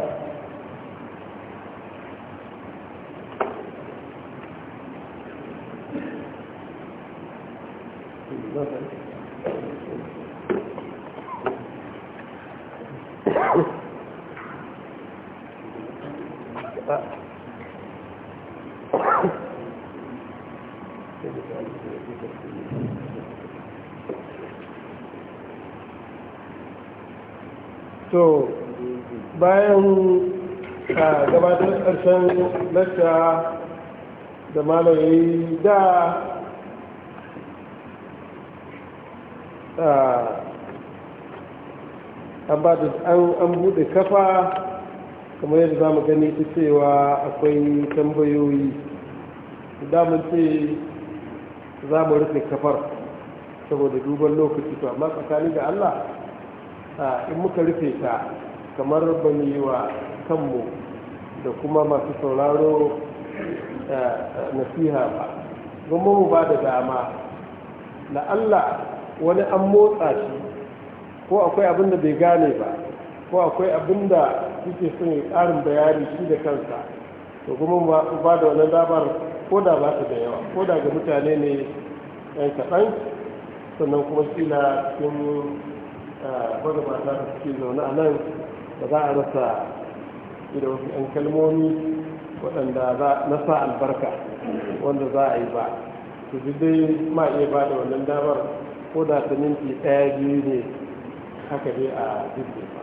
bayan a gabatar karshen lakta da malayi da da an buɗe kafa kamar yadda za mu gani ta cewa akwai tambayoyi damar ce za mu rufe kafar saboda duban lokaci to amma tsakani da allah in muka rufe ta kamar ba wa kanmu da kuma masu sauraro eh, nasiha ba goma mu ba da dama Allah wani an motsa shi ko akwai abin da bai gane ba ko akwai abin da suke son yi ƙarin bayani shi da kansa to mu ba da wani damar ko da ba su da yawa ko da ga mutane ne yan kaɗan sannan kuma shi na sun eh, magabata da suke zaune a nan ba za a rasa da wasu kalmomi waɗanda na sa albarka wanda za a yi ba su ji dai ma iya ba da wannan damar ko da ta minti ɗaya biyu ne haka dai a jirgin ba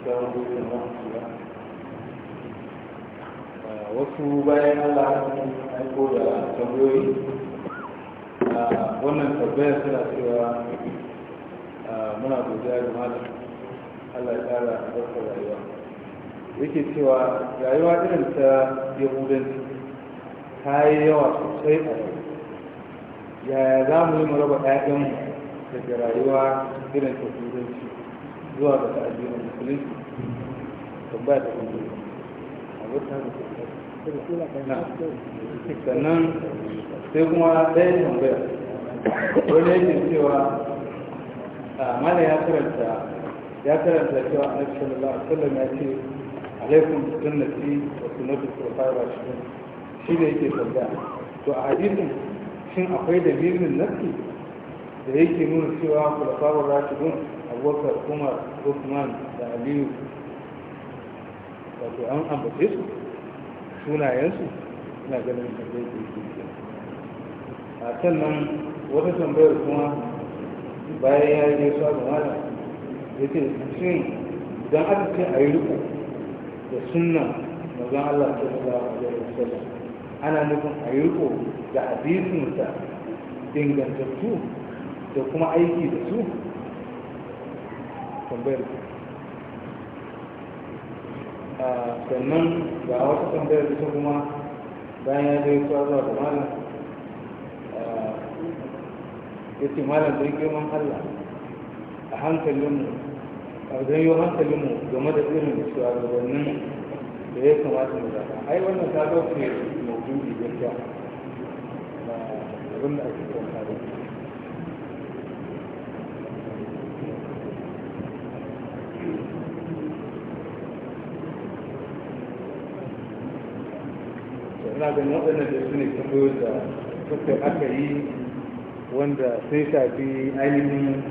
Thank you. wasu bayan allah sun aiko da tambayoyi ah, wannan tabbayar suna cewa ah, muna godiya da malam allah ya kara albarkar rayuwa yake cewa rayuwa irin ta yahudanci ta yi yawa sosai a yau yaya za mu yi mu raba ɗayan daga rayuwa irin ta yahudanci zuwa ga ta addinin musulunci tambaya ta kuma abin ta sannan sai kuma ɗaya tambaya wani yake cewa a mana ya karanta ya karanta cewa a nafi sallallahu alaihi wasallam ya ce alaikum sunnati wa sunnati profile rashidun shi ne yake tambaya to a hadisin shin akwai dalilin nafi da yake nuna cewa kulafawar rashidun abubakar umar usman da aliyu wato an ambace su sunayensu suna ganin tambayar da yake ke a sannan wata tambayar kuma bayan ya yi su abu mana ya ce shin idan aka ce a yi riko da sunan mazan Allah ta a alaihi wasallam ana nufin a yi riko da hadisinsa dingantattu da kuma aiki da su tambayar sannan ga wata tambayar ita kuma bayan ya zai zuwa zuwa da malam ya ce malam don girman allah a hankalinmu don yi hankalinmu game da irin shugabannin da ya kamata mu zaɓa ai wannan ta zo da maudu'i gaskiya abin da ake kwanta da na ganin waɗannan da su ne tambayoyin da suka aka yi wanda sun shafi ainihin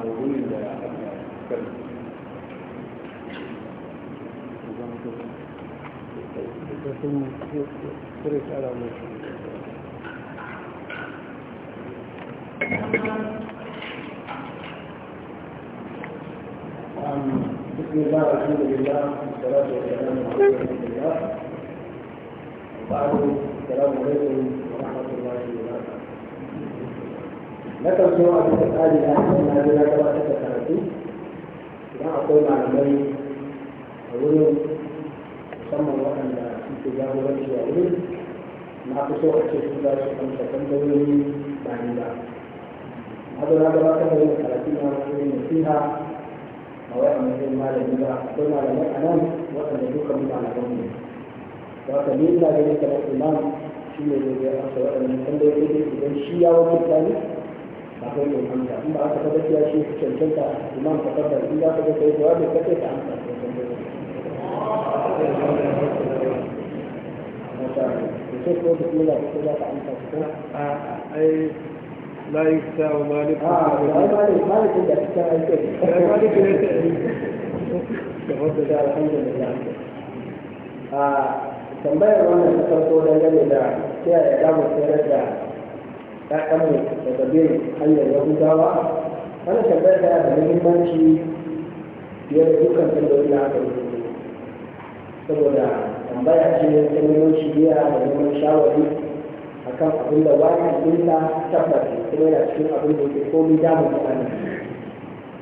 mawuyin da aka karfi بسم الله الحمد لله والصلاة والسلام على رسول الله Na kan عليكم da so a tsari na hakan na jira gabatar da karatu idan akwai malamai a wurin musamman waɗanda suke jagoranci a wurin na fi so a ce su za su amsa tambayoyi ba ni ba na zo na gabatar da karatu na wani nasiha a wai a matsayin malami ba akwai malamai a nan waɗanda duka mu malaman ne ba ka ni ina ganin kamar imam shi ne zai zai amsa waɗannan tambayoyi ne idan shi ya wani tsani ba kai ne amsa in ba aka ta gaskiya shi ku cancanta imam ka tabbata in za ka ga kai jawabi ka kai ka amsa da tambayar wannan ta farko gane da ta yaya za mu tsayar da ƴaƴanmu daga bin hanyar yahudawa wani tambayar da da muhimmanci fiye da dukkan tambayoyi da aka yi saboda tambaya ce ta neman shiriya da neman shawari akan abin da wani da tabbas kuma yana cikin abin da ke komi damun mutane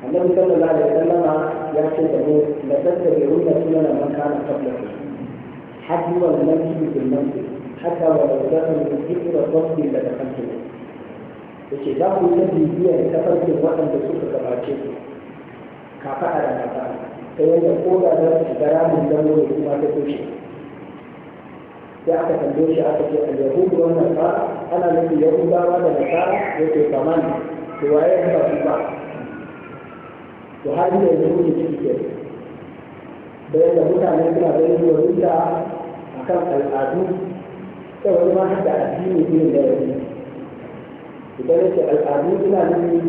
annabi sallallahu alaihi wasallama ya ce da mu da tattabi'un da sunan man kana tabbata حجم المنزل في المنزل حتى ولو دخل الذكر الضبط لدخلته yace za ku yi bibiya da tafarkin waɗanda suka gabace su kafaɗa da kafaɗa ta yadda ko da za su shiga ramin damo da kuma ta aka tambaye shi aka ce a yahudu wannan ba ana nufin yahudawa da nasara yake kaman to waye ba su ba to yanzu ne ciki ke da yadda mutane suna ganin yawanta. kan al'adu kai wani ma hada addini irin da yake idan yake al'adu ina nufin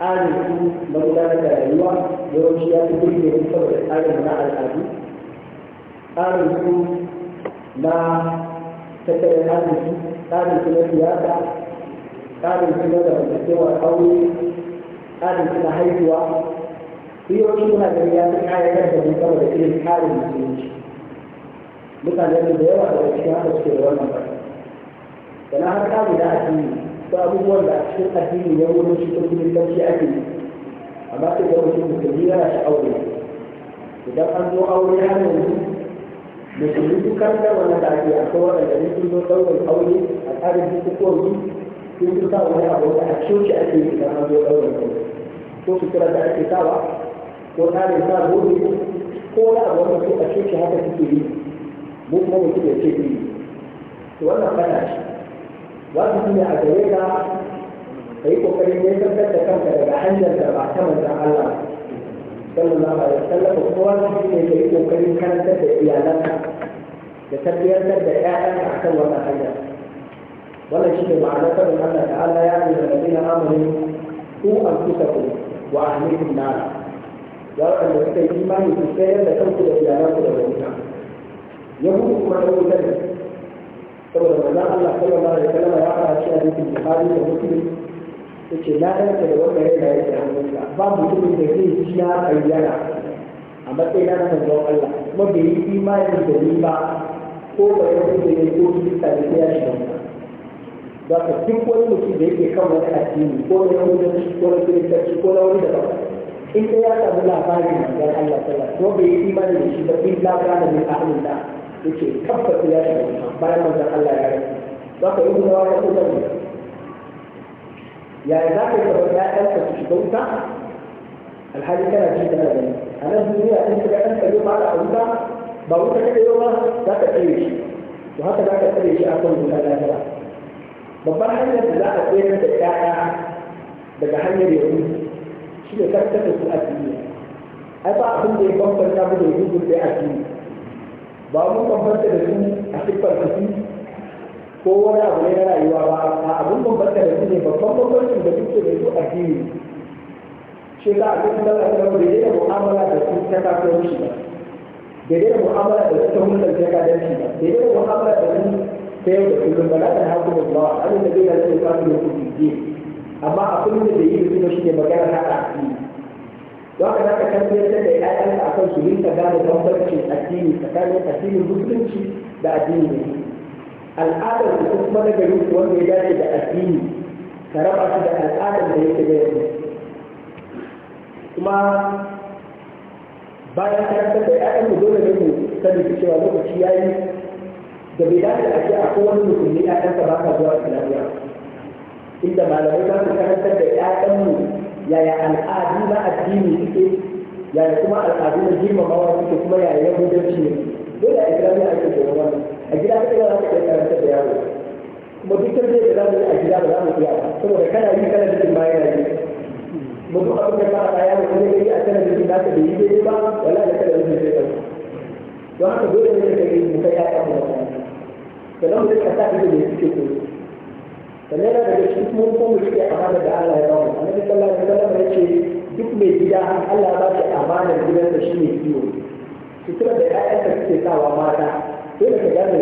tsarin su na gudanar da rayuwa yawanci ya fi birge su saboda tsarin na al'adu tsarin na tattalin arziki tsarin su na siyasa tsarin su na zamantakewar aure tsarin su na haihuwa yawanci muna gani ya fi kayan da mu saboda irin tsarin musulunci mutane da yawa da cikin haka suke da wannan fata sana har ta guda addini ko abubuwan da a cikin addini ne wurin cikin kulitanci ake yi amma sai ga mutum musulmi yana sha'awar idan an zo aure har yanzu musulmi dukkan da wani da ake akwai waɗanda ne sun zo ɗaurin aure a tsarin bukukuwan su sun fi sa wani abu da a coci ake yi idan an zo ɗaurin aure ko sutura da ake sawa ko tsarin sa gobe ko wani abu wanda su a coci haka suke yi mu kuma mutum ya ce ni to wannan fata shi wajibi ne a gare ka ka yi kokarin ne kankan da kanka daga hanyar da ba ta manzan Allah sallallahu alaihi wasallam kuma wajibi ne ka yi kokarin karantar da iyalanka da tarbiyyantar da ƴaƴanka akan wannan hanyar wannan shi ne ma'anar sabon Allah ta'ala ya yi da ladina amanu ku anfusakum wa ahlikum nara ya wanda suka yi imani ku sayar da kanku da iyalanku da wuta yahudu kuma da yau dare saboda manzon Allah sallallahu alaihi kalama ya fara cewa dukkan bukhari da muslim yace na rantsa da wanda ya rayu da hannunka ba mutumin da zai ji na bayyana a matsayin na manzon Allah kuma bai yi imani da ni ba ko ba ya da yi ko kirista da ya shiga ba za ka duk wani mutum da yake kan wani addini ko na yahudanci ko na kiristanci ko na wani daban in ya samu labarin da Allah sallallahu alaihi wasallam ko bai yi imani da shi ba illa kana min ahlillah yake tabbata ya shiga wuta bayan manzon Allah ya rasu za ka yi gudawa ka kusa ne yaya za ka yi kamar ya'yanka su shiga wuta alhali kana ji kana gani a nan duniya in ka ga ɗan kare ba a wuta ba wuta ka ɗaya ba za ka tsere shi to haka za ka tsere shi a kan wuta lafiya babbar hanyar da za a tsere da ƴaƴa daga hanyar yahudu shi ne karkata su a duniya ai ba abin da ya bambanta mu da yahudu a addini ba mu bambanta da su a siffar jiki ko wani abu ne na rayuwa ba a abin bambanta da su ne babban bambancin da kuke da su a jini shi za a cikin da ƙasar da mu'amala da su ta kafa shi ba daidai mu'amala da su ta da ta kafin shi ba daidai mu'amala da su ta yau da kullum ba na ta haku da ba cikin da zai na zai kafin da kuɗi amma a da da yi da su shi ne magana ta a don ka zaka tabbatar da ƴaƴan a akan su rinka gane bambancin addini tsakanin addinin musulunci da addinin ne al'adar su kuma na garin su wanda ya dace da addini ka raba su da al'adar da yake da yanzu kuma bayan karantar da ƴaƴan mu dole ne mu sani su cewa lokaci ya yi da bai dace a ce akwai wani musulmi ƴaƴansa ba ka zuwa islamiyya inda malamai za su karantar da ƴaƴan mu yaya al'adu na addini suke yaya kuma al'adu na girmamawa suke kuma yaya yahudanci ne dole a islamiyya ake koyon wannan a gida kaɗai ba za ka iya karanta da yaro kuma duk da za yi a gida ba za mu iya ba saboda kana yi kana jikin bayan rayu mutum abin da fara ya mutum ne kai a sanar da jin da yi daidai ba wala da kada mutum zai ɗauka don haka dole ne ka yi mu kai ya kama wata sannan mu ka sa ido ne suke koyo sannan yana daga cikin mun ko mu rike amana da Allah ya bamu annabi sallallahu alaihi wasallam ya ce duk mai gida Allah ba shi amana gidan da shi ne kiwo fitar da ƴaƴanka suke sawa mata sai da ka gane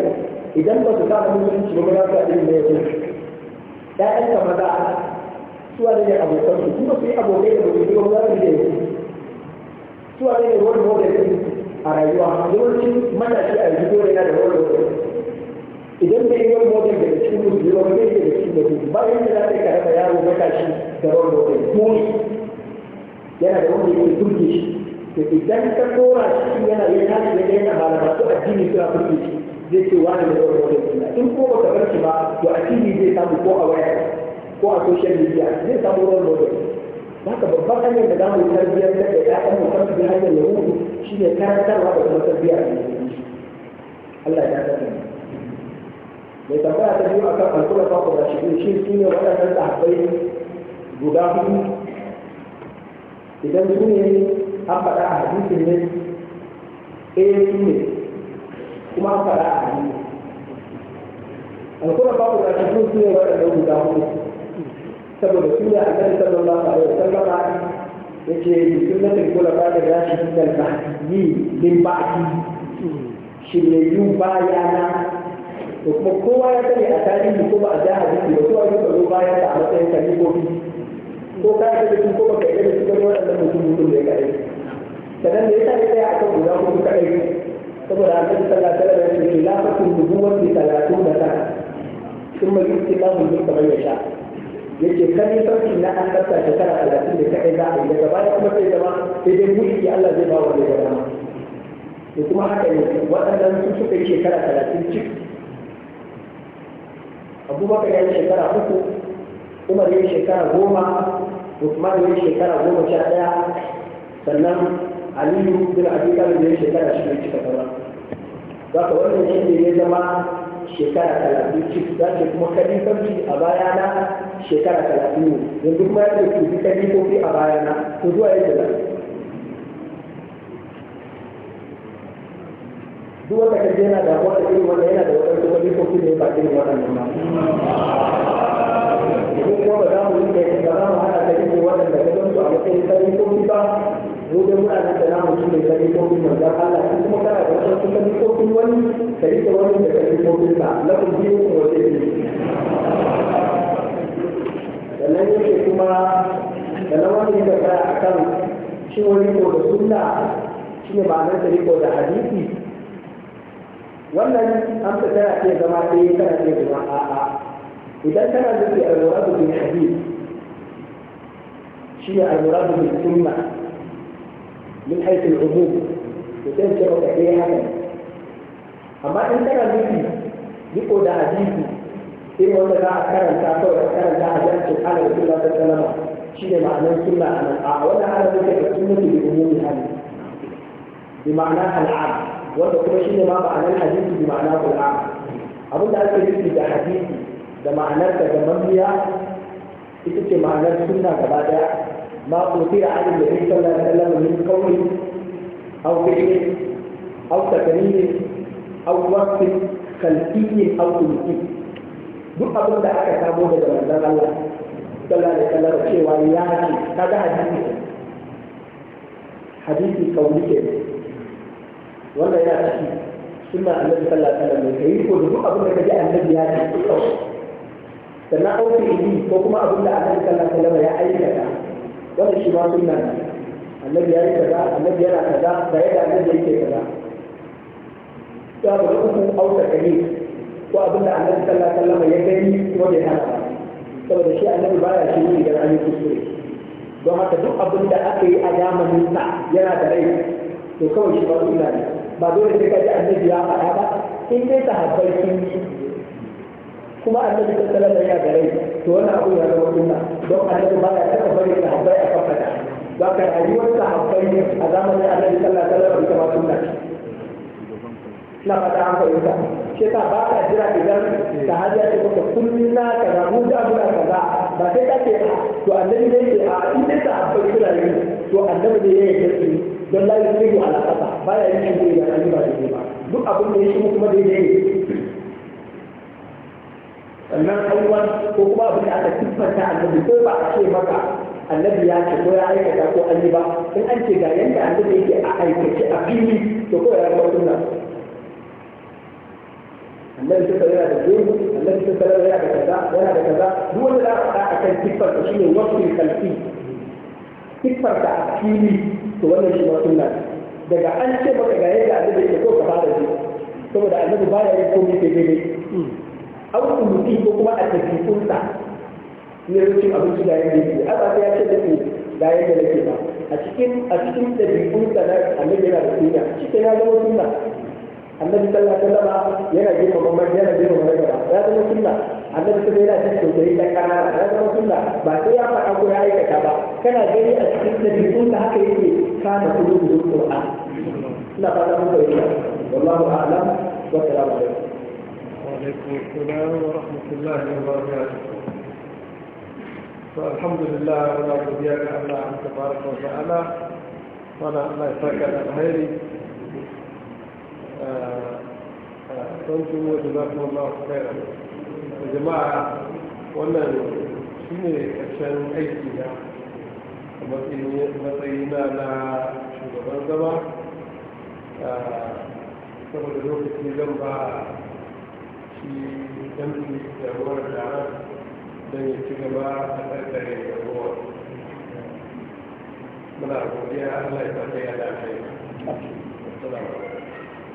idan ba su samu mutunci ba za su da irin mai ka maza suwa ne abokan su kuma su yi abokai da mutunci ba za su ga suwa ne role model a rayuwa yawancin shi a yanzu dole yana da wani idan da yiwuwar motar da cikin musulmi ba zai da cikin musulmi ba yin da zai ka karama yaro kashi da wani motar yana da wanda yake turke shi to idan ka tsora shi yana ya tashi da yana ba da masu addini suna turke shi zai ce wani da wani motar suna in ko ba ka bar shi ba to addini zai samu ko a waya ko a social media zai samu wani motar ka babban hanyar da zamu yi tarbiyyar da ya'yan mu kan su hanyar yahudu shi ne karantarwa da kuma tarbiyyar da Allah ya tabbata mai tambaya ta biyu akan alkula ta kuma shi shi su ne waɗannan sahabbai guda hudu idan su ne an faɗa a hadisin ne eh su ne kuma an faɗa a hadisi alkula ta kuma shi su ne waɗannan guda hudu saboda su ne a kan sallallahu alaihi wasallam yake sunnatul khulafa da gashi da al-mahdiyyin min ba'di shiryayyu bayana to kuma kowa ya sani a tarihi ko ba a ja hadisi ba kowa ya zo bayan ta a matsayin kalifofi ko ka yi da su ko ba ka yi da su gani waɗannan mutum mutum da ya kaɗai sannan da ya sa ya tsaya a kan guda kuma kaɗai saboda a kan sallah sallah da ya ce lafasin nubuwar da talatu da ta sun mai yi lamun duk kamar ya sha yake kan sarki na an kasa shekara talatin da kaɗai za a yi daga baya kuma sai zama sai dai mulki Allah zai ba wa zai dama da kuma haka ne waɗannan su suka yi shekara talatin ciki abubakar ya yi shekara uku umar ya yi shekara goma usman ya yi shekara goma sha daya sannan aliyu bin abi talib ya yi shekara shida cika sama za ka wannan shi ya zama shekara talatin cik za ce kuma kalifanci a baya na shekara talatin ne yanzu kuma ya ɗauki kalifofi a baya na to zuwa yadda za duk wanda ka je yana da wata irin wanda yana da wata kuma ni ko kin ne ba irin wannan ba ko kuma ba za mu yi da ba za mu hana ka kike wanda ka ga su a matsayin sai ko ki ba mu da muna da namu shi ne sai ko kin manzo Allah kin kuma kana da wata kuma ni ko kin wani sai da wani da kake ko kin ba na lakum biyu ko sai ki sannan yake kuma da na wani da ba akan shi wani ko da sunna shi ne ma'anar da riko da hadisi wannan amsa tana iya zama ɗaya tana iya zama a'a idan tana nufi al-muradu bil hadith shi ne al-muradu bil sunna min haythu al-umum to sai ce maka ɗaya haka amma in tana nufi riko da hadisi irin wanda za a karanta kawai a karanta a jancin ala da sunna ta salama shi ne ma'anar sunna a nan a wannan ana nufi da sunna bil umum hadith bi ma'ana al'am wanda kuma shi ne ma ma'anar hadisi da ma'ana kul'a abinda ake nufi da hadisi da ma'anar da gamammiya ita ce ma'anar suna gaba daya ma a an da nabi sallallahu alaihi kawai, min qawli aw fi'li ne, takrir aw waqt ne, aw kulli duk abin da aka samu daga manzan Allah sallallahu da wasallam cewa ya ce kaga hadisi hadisi kauli ke wannan yana ciki suna annabi sallallahu alaihi wasallam ne kai ko duk abin da kaji annabi ya ce sannan auki ili ko kuma abin da annabi sallallahu alaihi wasallam ya aikata wannan shi ma sunna ne annabi ya yi kaza annabi yana kaza da yadda annabi yake kaza ya ba uku auta kare ko abin da annabi sallallahu alaihi wasallam ya gani ko bai hana saboda shi annabi baya shi ne idan an yi kuskure don haka duk abin da aka yi a zamanin sa yana da rai to kawai shi ba sunna ne ba dole sai ka ji annabi ya faɗa ba in dai sahabbai sun yi kuma annabi ta salar da ya gare to wannan abu ya zama sunna don annabi ba ya taɓa bari sahabbai a kan faɗa ba ka rayuwar sahabbai a zamanin annabi sallallahu alaihi wasallam ita ma sunna na fata an fahimta shi ta ba ka jira idan ta hajiya ce maka kullum na kaza mu da muna kaza ba sai ka ce to annabi ne ke a inda dai sahabbai suna yi to annabi ne ya yi don la yusiru ala qasa baya yin abin da ya ba daidai ba duk abin da ya shi kuma daidai ne sannan abubuwan ko kuma abin da aka siffanta annabi ko ba a ce maka annabi ya ce ko ya aikata ko an yi ba in an ce ga yanda annabi yake a aikace a fili to ko ya rabuwa sunna annabi ta yana da zuwa annabi ta tsara yana da kaza yana da kaza duk wanda za a faɗa a kan siffarsa shine wasu kalfi siffarsa a fili to wannan shi ma sunna daga an ce maka ga yadda annabi yake ko ka fara ji saboda annabi baya yin komai sai daidai an kuluti ko kuma a kunta ne rucin abinci da yadda yake a ba ya ce da ke da yadda nake ba a cikin a cikin kunta na annabi yana da kunya cikin ya zama suna. annabi sallallahu alaihi wasallam yana girma mamman yana girma magana ya zama sunna annabi sai yana jin tausayi da kana ya zama sunna ba sai ya faɗa ko ya aikata ba kana gani a cikin dabi'un da haka yake kana kudu da Qur'an ina fata mun fahimta wallahu a'lam wa salamu alaikum وعليكم السلام ورحمة الله وبركاته فالحمد لله ولا بديك الله تبارك وتعالى وانا الله يساك الخير أنتم وجزاكم الله خيرا يا الجماعة ومن شنو عشان أي فيها مطينا لا شنو بنظمة ثم الروح في جنبها في جنبي يقول الجماعة لن يتجمع أكثرين يقول من أرغب بها أهلا يتحيى لا السلام عليكم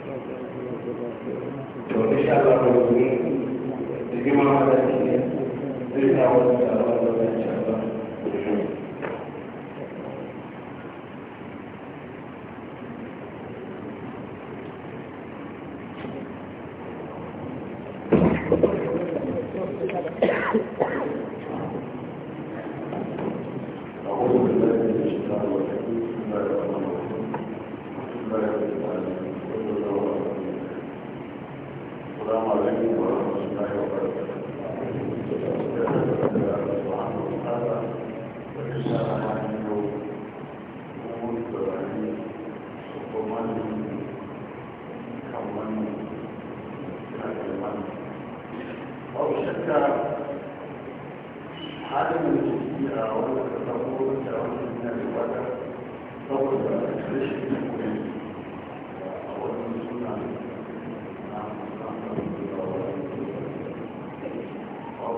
to insha Allah ko ne da da da Thank you. السلام عليكم ورحمة الله وبركاته أو شكا حالة من الجزية أو التطور أو من الوضع طور الكريش المهم أو المسؤول عنه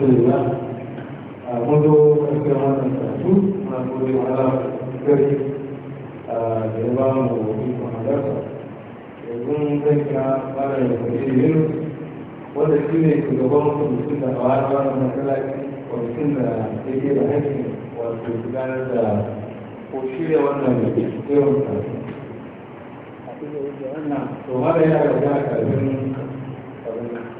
alhamdulillah ya ba mu da kwaje yin wanda a wani wani matsalaci kwamitin da yake da haƙƙin wato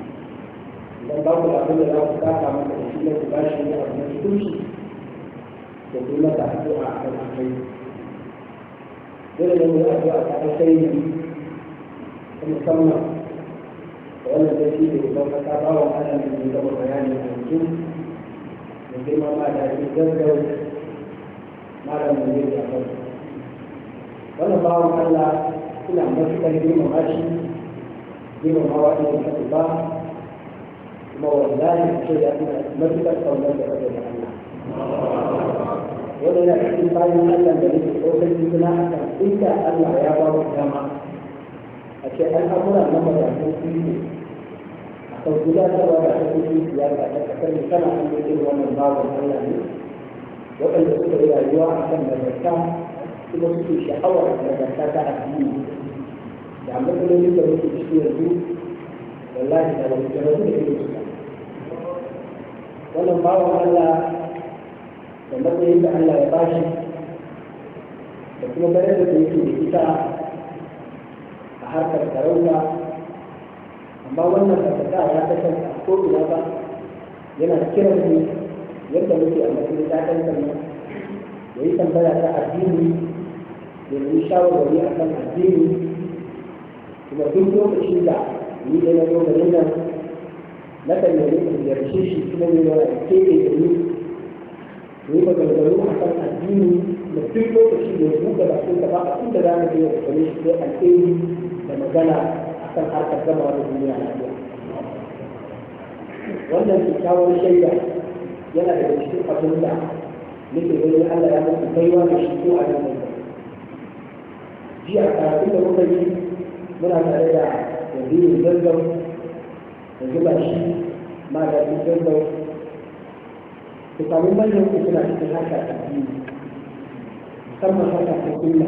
dan babu abin da za ku saka maka da shi na ku bashi ne abu na tukunci da ku mata addu'a a kan akai dole ne mu yi addu'a ta akai ne ta musamman da wannan zai shi da rubar kasa bawan Allah ne mai gaba bayani a yankin da girma ma da shi gaggau malam da zai da kai wannan bawan Allah ina matuƙar girmama shi girmamawa ɗin da ba kuma wallahi ce da ina matukar kaunar da kake da Allah wanda yana cikin bayan Allah da yake kokarin suna akan inda Allah ya ba mu dama a ce al'amuran na mazaɓin ne a kan gudanarwa da hukumin siyasa ta kasar da tana an yi wannan babu Allah ne waɗanda suka yi rayuwa a kan nagarta kuma suke sha'awar nagarta ta addini da matsalolin da muke ciki yanzu wallahi da wani jama'a da ke wannan bawan Allah da matsayin da Allah ya bashi da kuma bayan da yake da ita a harkar sarauta amma wannan fasaka ya kasar a ko'ina ba yana kiran mu yadda muke a matsayin ɗaɗan sannan ya yi tambaya ta addini ya yi shawarwari a kan addini kuma duk lokacin da ni da na zo nan na kan yi rikin yarshe shi kuma ne da kebe da ni ne maganganu a kan addini da duk lokaci da buga da sun taba a inda za mu je da kame shi sai alheri da magana akan harkar gama wani duniya lafiya wannan kyakkyawar shaida yana daga cikin abin da nake ganin Allah ya mutu kaiwa da shi ko a nan ne jiya karatun da muka yi muna tare da yanzu zanzan da zuba shi ma da cikin da ku samu manyan ku suna cikin haka ta biyu musamman haka ta kunna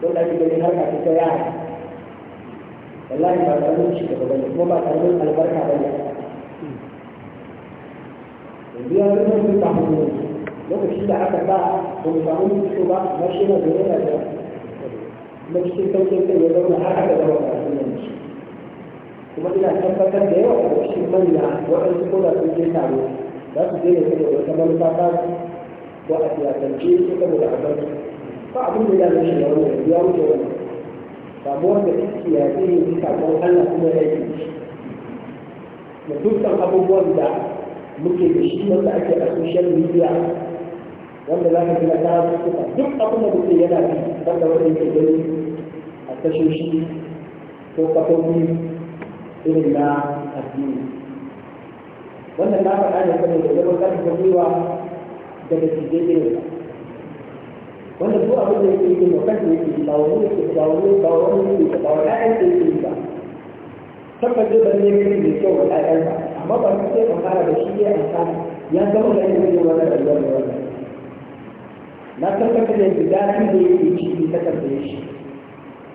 don da ake haka ta ta yara wallahi ba karamin shi gaba bane kuma ba karamin albarka bane yanzu ya zama sun samu lokaci da aka ba ba mu samu mutu ba na shi na da yana da kuma cikin sauƙin kai ya zauna har aka zama karamin shi kuma ina tabbatar da yawa a cikin manya waɗansu ko da sun je taro za su je ne saboda wata manufa ta ko a siyasance su saboda abin ba abin da ya zama shi yaro da ya wuce wani samuwar da ciki ya zai yi sakon Allah kuma ya yi da dukkan abubuwan da muke da shi wanda ake a social media wanda za ka gina ta suka duk abin da muke yana fi wanda wanda yake gani a tashoshi ko kafofi irin na addini wannan na faɗa ne saboda zama ƙarfafa gwiwa da da su je wanda zuwa abin da yake yi ma kan da yake ba wani yake ba wani ba wani yake ba wani ayyan da yake yi ba tabbas zai ban ne kai mai kyau wa ayyan ba amma ba su sai kan fara da shi ya amfana ya zama da yake yi wani rayuwa da wannan na tabbatar da yake daɗin da yake shi ci ta karɓe shi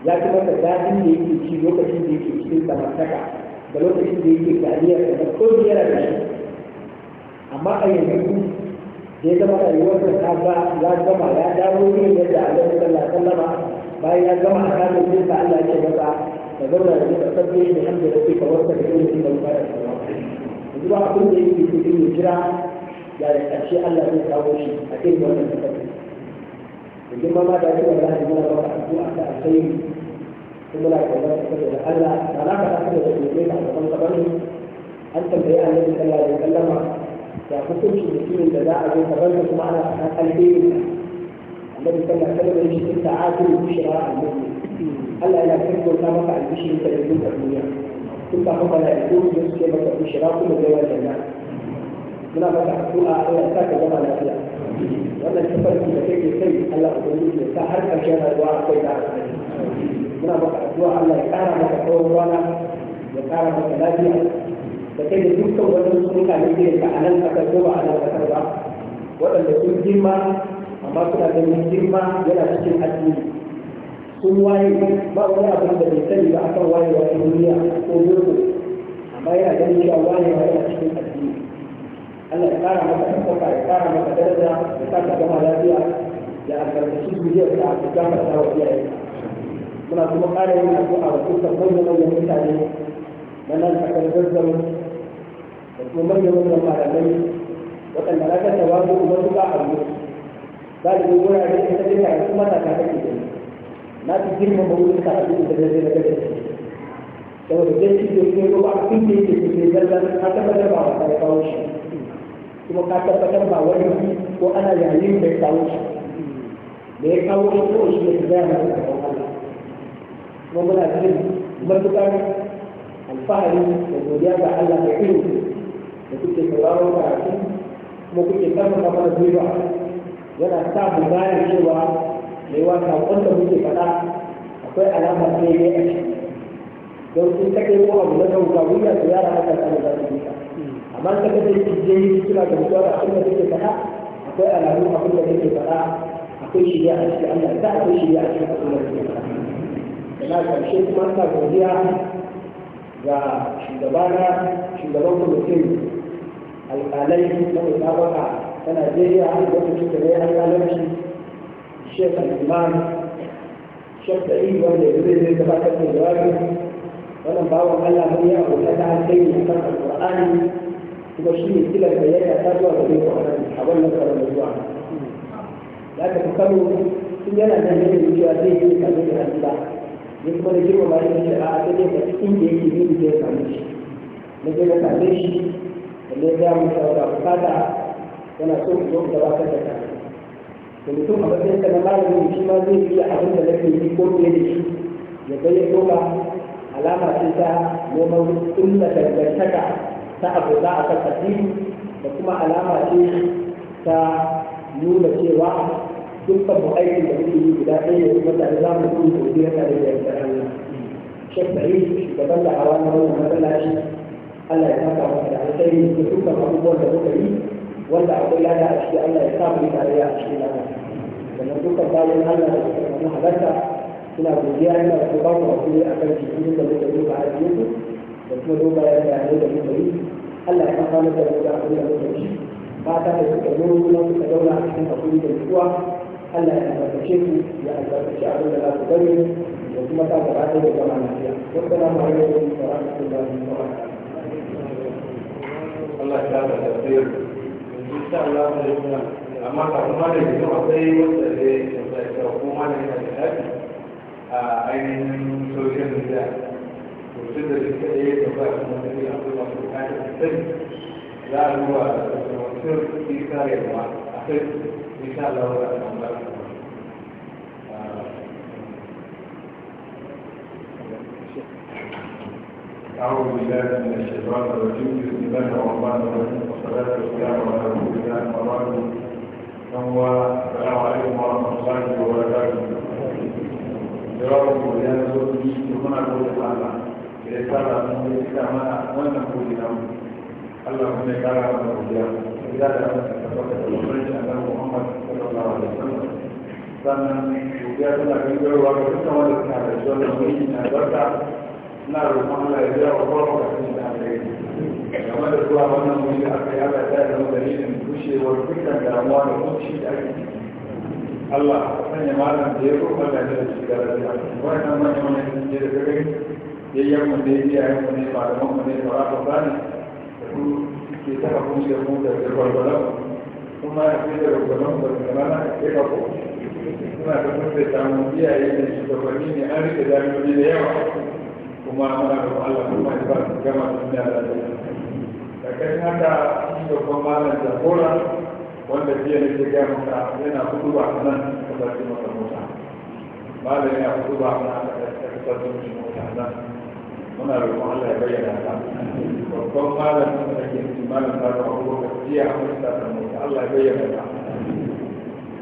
ya ji masa daɗin da yake ci lokacin da yake cikin samartaka da lokacin da yake kariyar da ko biyar da shi amma a yanzu da ya zama da ta ba ya gama ya dawo ne yadda Allah sallallahu alaihi wasallam bayan ya gama a kanin jinsa Allah ya ce masa ka zauna da jinsa sabbi da hamdu da kika wasa da irin da ba da yanzu abin da yake cikin jira ya da ya Allah zai kawo shi a cikin wannan ثم ماذا بعد أن الله من الله أحد أحد ثم لا يقبل أن ألا فلا تأخذ المسلمين تحت منصبهم أن تنبئ النبي صلى الله عليه وسلم يحكم المسلمين جزاء من تبلغ معنى الدين النبي صلى الله عليه وسلم يجب أن تعادل بشراء المسلم ألا لا تكون كما فعل بشر تلفون الدنيا ثم هم لا يكون يسلم بشراء كل جوال الجنة من أمر آه، إيه، تحكمها إلى أساس جمال الأخلاق wannan tafarki da kake kai Allah ubangiji ya sa har ƙarshen rayuwa akwai da muna maka addu'a Allah ya ƙara maka tsawon rana ya ƙara maka lafiya da kai da dukkan wani mutane da ka a nan kasar ko ba a nan kasar ba waɗanda sun girma amma suna ganin girma yana cikin addini sun waye ba wani abin da bai sani ba akan wayewa ta duniya ko dole amma yana ganin cewa wayewa yana cikin addini Allah ya kara maka ɗaukaka ya kara maka daraja ya sa ka gama lafiya ya albarkaci zuriyar ka ya gafarta wa iyaye muna kuma ƙara yin addu'a wa dukkan manyan manyan mutane na nan a kan zazzau da kuma manyan manyan malamai waɗanda na kasa ba su ba a yi za da yi wurare da ta dinka yanzu mata ta kake gani na fi girma ba wurin duk da zai zai da saboda zai ci da ke ruwa a cikin da yake ke zallar a tabbatar ba a kawo shi kuma ka tabbatar ba wani ko ana yayin bai kawo shi da ya kawo shi ko shi ne zai mai da Allah kuma muna cikin matukar alfahari da godiya ga Allah da irin da kuke sauraron karatu kuma kuke karfafa mana gwiwa yana sa mu gane cewa yawa saƙon da muke faɗa akwai alama ɗaya ne a ciki don sun kaɗai ko abu na sauka wuya su yara haka sa da za su man ka kada yake je yi suna da mutuwa da abin da kake faɗa akwai alamu abin da kake faɗa akwai shirya a cikin Allah ta akwai shirya a cikin abin da kake faɗa na ƙarshe kuma ta godiya ga shugabana shugaban kwamitin alƙalai na mutabaka ta Najeriya har da wata cikin ya alƙalanci Sheikh Al-Imam Sheikh Sa'id wanda ya zai gabatar da jawabi wannan bawan Allah mun yi abota ta alƙairi kan Al-Qur'ani kuma shi ne kila da ya ta zuwa da zai a wannan karon da zuwa da aka fi kano sun yana nan da cewa zai yi kame da hannu ba ya kuma da girma ba yake da a ta ne da yake yi da ya shi na je na shi da ne ya mu sauka bukata yana so mu zo mu gabatar da da mutum a matsayin ka na malamin shi ma zai iya abin da nake yi ko fiye da shi ya bayyana alama ce ta neman kulla dangantaka ta abota a kan tafiyu da kuma alama ce ta nuna cewa dukkan mu aikin da muke yi guda ɗaya ne kuma tare za mu kuma gobe ya tare da yardar Allah. Shek Sa'id shugaban da hawa na wannan matsalaci Allah ya saka masa da alkhairi da dukkan abubuwan da muka yi wanda akwai lada a cikin Allah ya sa mu tare a cikin lada. Sannan dukkan bayan Allah da suka samu halarta suna godiya yana da kuma kuma a kan cikin da muka yi ba a cikin da kuma dogayen bayanai da muka yi Allah ya kafa masa da abin da muka yi fata da suka yi kuma suka zauna a cikin hakuri da nutsuwa Allah ya albarkace ku ya albarkace abin da za ku bari da kuma ta gaba da zama lafiya wassalamu alaikum wa rahmatullahi wa barakatuh Allah ya kafa tafsir insha Allah ne amma kafin ma da yanzu akwai wanda da ya kuma da yana da a ainihin social media mutum da duka da ya gaba shi wanda ne a kuma su kayan sosai za a zuwa da mutum isa ya ma a kai isa laura da amma أعوذ بالله من الشيطان الرجيم بسم الله الرحمن الرحيم والصلاة والسلام على رسول الله وبعد ثم السلام عليكم ورحمة الله وبركاته. جواب القرآن سورة 1 سبحانه وتعالى da ya fara sun yi cika mana wannan kuri na mu Allah kuma ya kara mana kuriya ya da mana tabbata da lokacin annabi Muhammad sallallahu alaihi wasallam sannan kuriya tana gangarwa ga dukkan wanda suna da shi wannan yi na barka ina roƙon Allah ya biya wa kowa ka cikin da aka yi da zuwa wannan mulki aka yi aka da zama dalilin kushewar dukkan damuwa da kunci da ake Allah sanya malam da ya roƙon da ya ci gaba da wannan manyan manyan da ya yayyan mu ne iyayen mu ne malaman mu ne a ba ne su ke taka kunce mu da gwargwaron kuma ya fi da gwargwaron da gwargwaron a ke kako suna da kun sai samu iyaye ne shugabanni ne an rike jami'o'i da yawa kuma muna da Allah kuma ya ba su gama duniya da da kai haka shugaban malam jagora wanda jiya ne ke gaya maka yana hudu ba nan kasashe masa mota malam yana hudu ba nan kasashe mota nan muna roƙon Allah ya bayyana ta babban malamin da ke cikin malamin da ba ko ka jiya mun ta samu Allah ya bayyana ta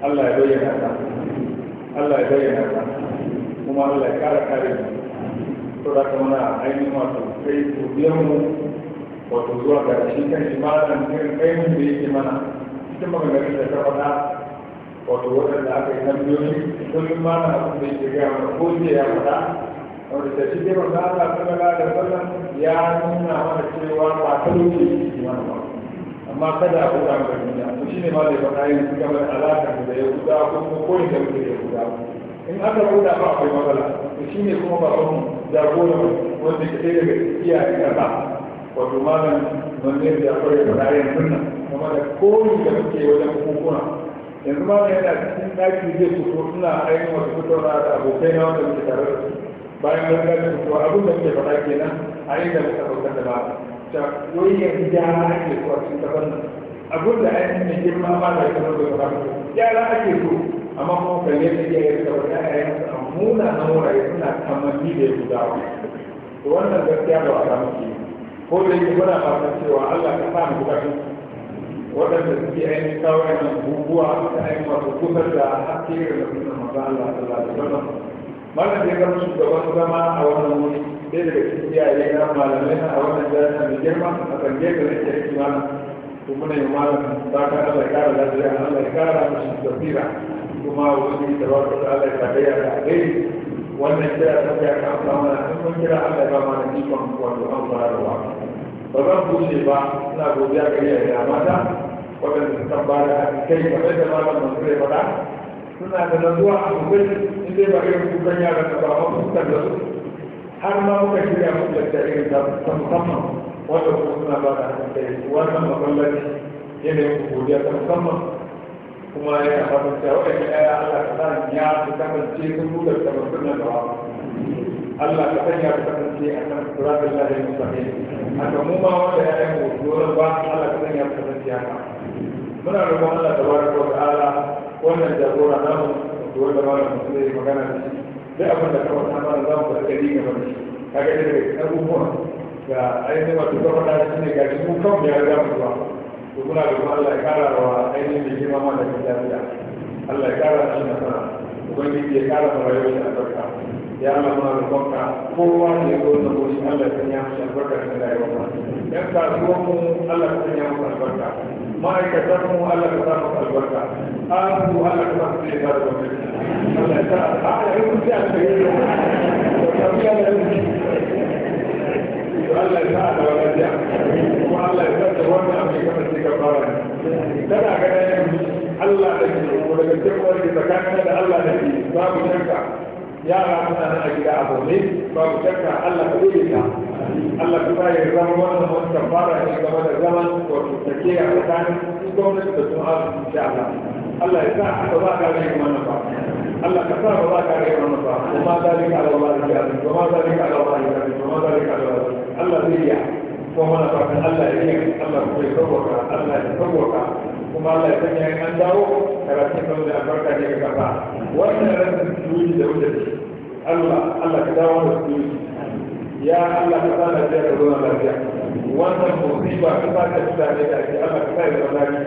Allah ya bayyana ta Allah ya bayyana ta kuma Allah ya kara kare mu to da kuma ainihin wato kai ku biyan mu wato zuwa ga shi kan shi malamin irin kai mun da yake mana cikin maganganun da ta faɗa wato waɗanda aka yi tambayoyi kullum malamin da yake gaya mana ko ce ya fada wanda da cikin wanda Allah sallallahu alaihi wasallam ya nuna mana cewa ba ta wuce cikin wani ba amma kada a kuka ga duniya to shine ma da faɗa yin suka bar alaka da Yahuda ko kuma koyi da muke Yahuda in aka rubuta ba akwai matsala to shine kuma ba mu jagora wanda ke daga iyaye da ba wato malam manne da akwai faɗa yin sunna kuma da koyi da muke wajen hukuma yanzu ma yana cikin ɗaki zai fito ina ainihin wasu fitowa da abokai na wanda suke tare da su bayan mun ga cewa abin da ke faɗa kenan a inda muka dauka da ba ta koyar da ake so a cikin gaban abin da an yi girma ma da ya zama da ba yara ake so amma kuma kalle da ke yi da wani a yanzu a muna na wurare suna kamanni da ya gudawa to wannan gaskiya da wata muke ko da yake muna fatan cewa Allah ka sa mu bukatun waɗanda suke ainihin kawo yana buguwa ta ainihin wato kusar da hakirin da suna manzo Allah sallallahu alaihi wasallam mana da ga shugaban zama a wannan wuri sai daga cikin iyaye na malamai na a wannan jami'a mai girma a tsange da nake yake mana to muna yi malam ta ka Allah ya kara lafiya Allah ya kara mishi tafira kuma wani da wata da Allah ya tabbaya da dai wannan kira ta ga ka amsa mana in mun kira Allah ba mana ikon wato an farawa ba zan bushe ba ina godiya ga iyaye na mata waɗanda suka ba da haɗin kai game da malam Mansur faɗa suna da zuwa a gurin in ba irin kukan yaran da ba ma fuskar da su har ma muka shirya fuskar da irin ta musamman wanda kuma suna ba da hakan da yake wannan maballaci yanayin godiya ta musamman kuma yana fatan cewa waɗanda ɗaya Allah ka sa ya su kasance sun buɗe da mutum na gaba Allah ka sanya ka kasance a kan suratun lahi mustaqim haka mu ma wanda ya yi godiya ba Allah ka sanya ka kasance haka muna roƙon Allah tabaraka wa ta'ala wannan jagora namu to wanda ba da mutum zai magana da shi duk abin da ka ta ba za mu faɗa gari ga wani kaga ne daga abubuwa da ainihin wato ka faɗa shi ne ga mu kan ya riga mu ba to muna da kuma Allah ya kara wa ainihin da girma ma da lafiya Allah ya kara shi nasara ubangiji ya kara mu rayuwar da albarka ya Allah muna roƙonka kowa da ya zo da goshi Allah ya sanya albarka da rayuwa yan kasuwan mu Allah ya sanya albarka ma'aikatan mu Allah ya sa masa albarka azu Allah ya sa ta da gwamnati Allah ya ta a da yin ta a tsaye ta tafiya da yin Allah ya ta kuma ya ka fara wani da ta. yara mutane a gida a zaune babu shakka Allah ka dole Allah ka sa zama wannan wancan fara ne game da zaman wato take a tsakanin gwamnati da kuma arziki insha Allah Allah ya sa ba za ka rage wannan ba Allah ka sa ba za ka rage wannan ba kuma zalika ala Allah ya ji kuma zalika ala Allah ya ji kuma zalika ala Allah Allah zai ya kuma mana fatan Allah ya yi Allah ya sauwaka Allah ya sauwaka kuma Allah ya sanya in an dawo karatun da albarka ne ga kafa wannan ranar juyi da wuce Allah Allah ka dawo da juyi ya Allah ka sa lafiya ka da lafiya wannan musiba ka sa ka da ne da ake Allah ka sa da zama lafiya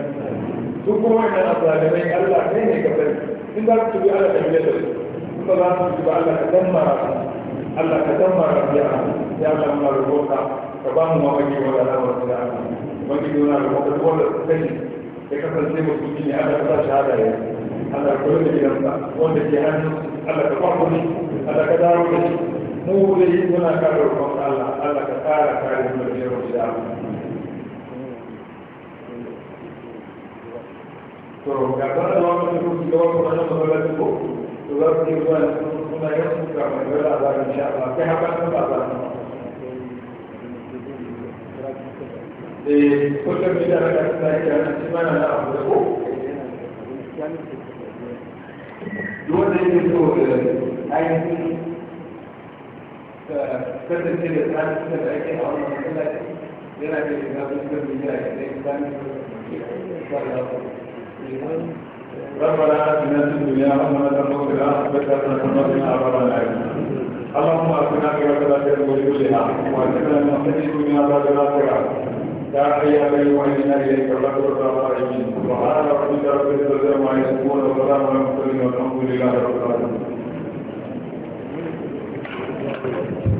su kuma da azalimai Allah ne ne ka bari in za su bi Allah da yi da su ba za su bi Allah ka damma Allah ka damma ya ya Allah mu roƙa ka ba mu mamaki wa da Allah wannan da Allah da wata wanda su ya kasance musulmi ne Allah ka sa shahada ya Allah ka koyar da gidansa wanda ke hannu Allah ka kwakwar shi Allah ka dawo da shi mu da yi muna kare rukun Allah Allah ka tsara kare mu da yawan gida to ga ba da wani mutum da wani wani ko to za su yi zuwa suna yin suka mai gara a zaɓin sha Allah kai haka sun ba zaɓin eh kullum idan aka tsaya ya ci mana da abu da ko dole ne so ainihin kasance da tsarin da ake a wannan matsalaci yana da shiga fuskar miliya da ya zami ربنا آتنا في الدنيا حسنة kuma الآخرة حسنة kira عذاب النار اللهم آتنا في الآخرة خير من كل هم a من خير يا حي عليه وعلينا إليك الأكبر العالمين سبحان ربك رب العزة عما يصفون وسلام على المرسلين والحمد لله رب العالمين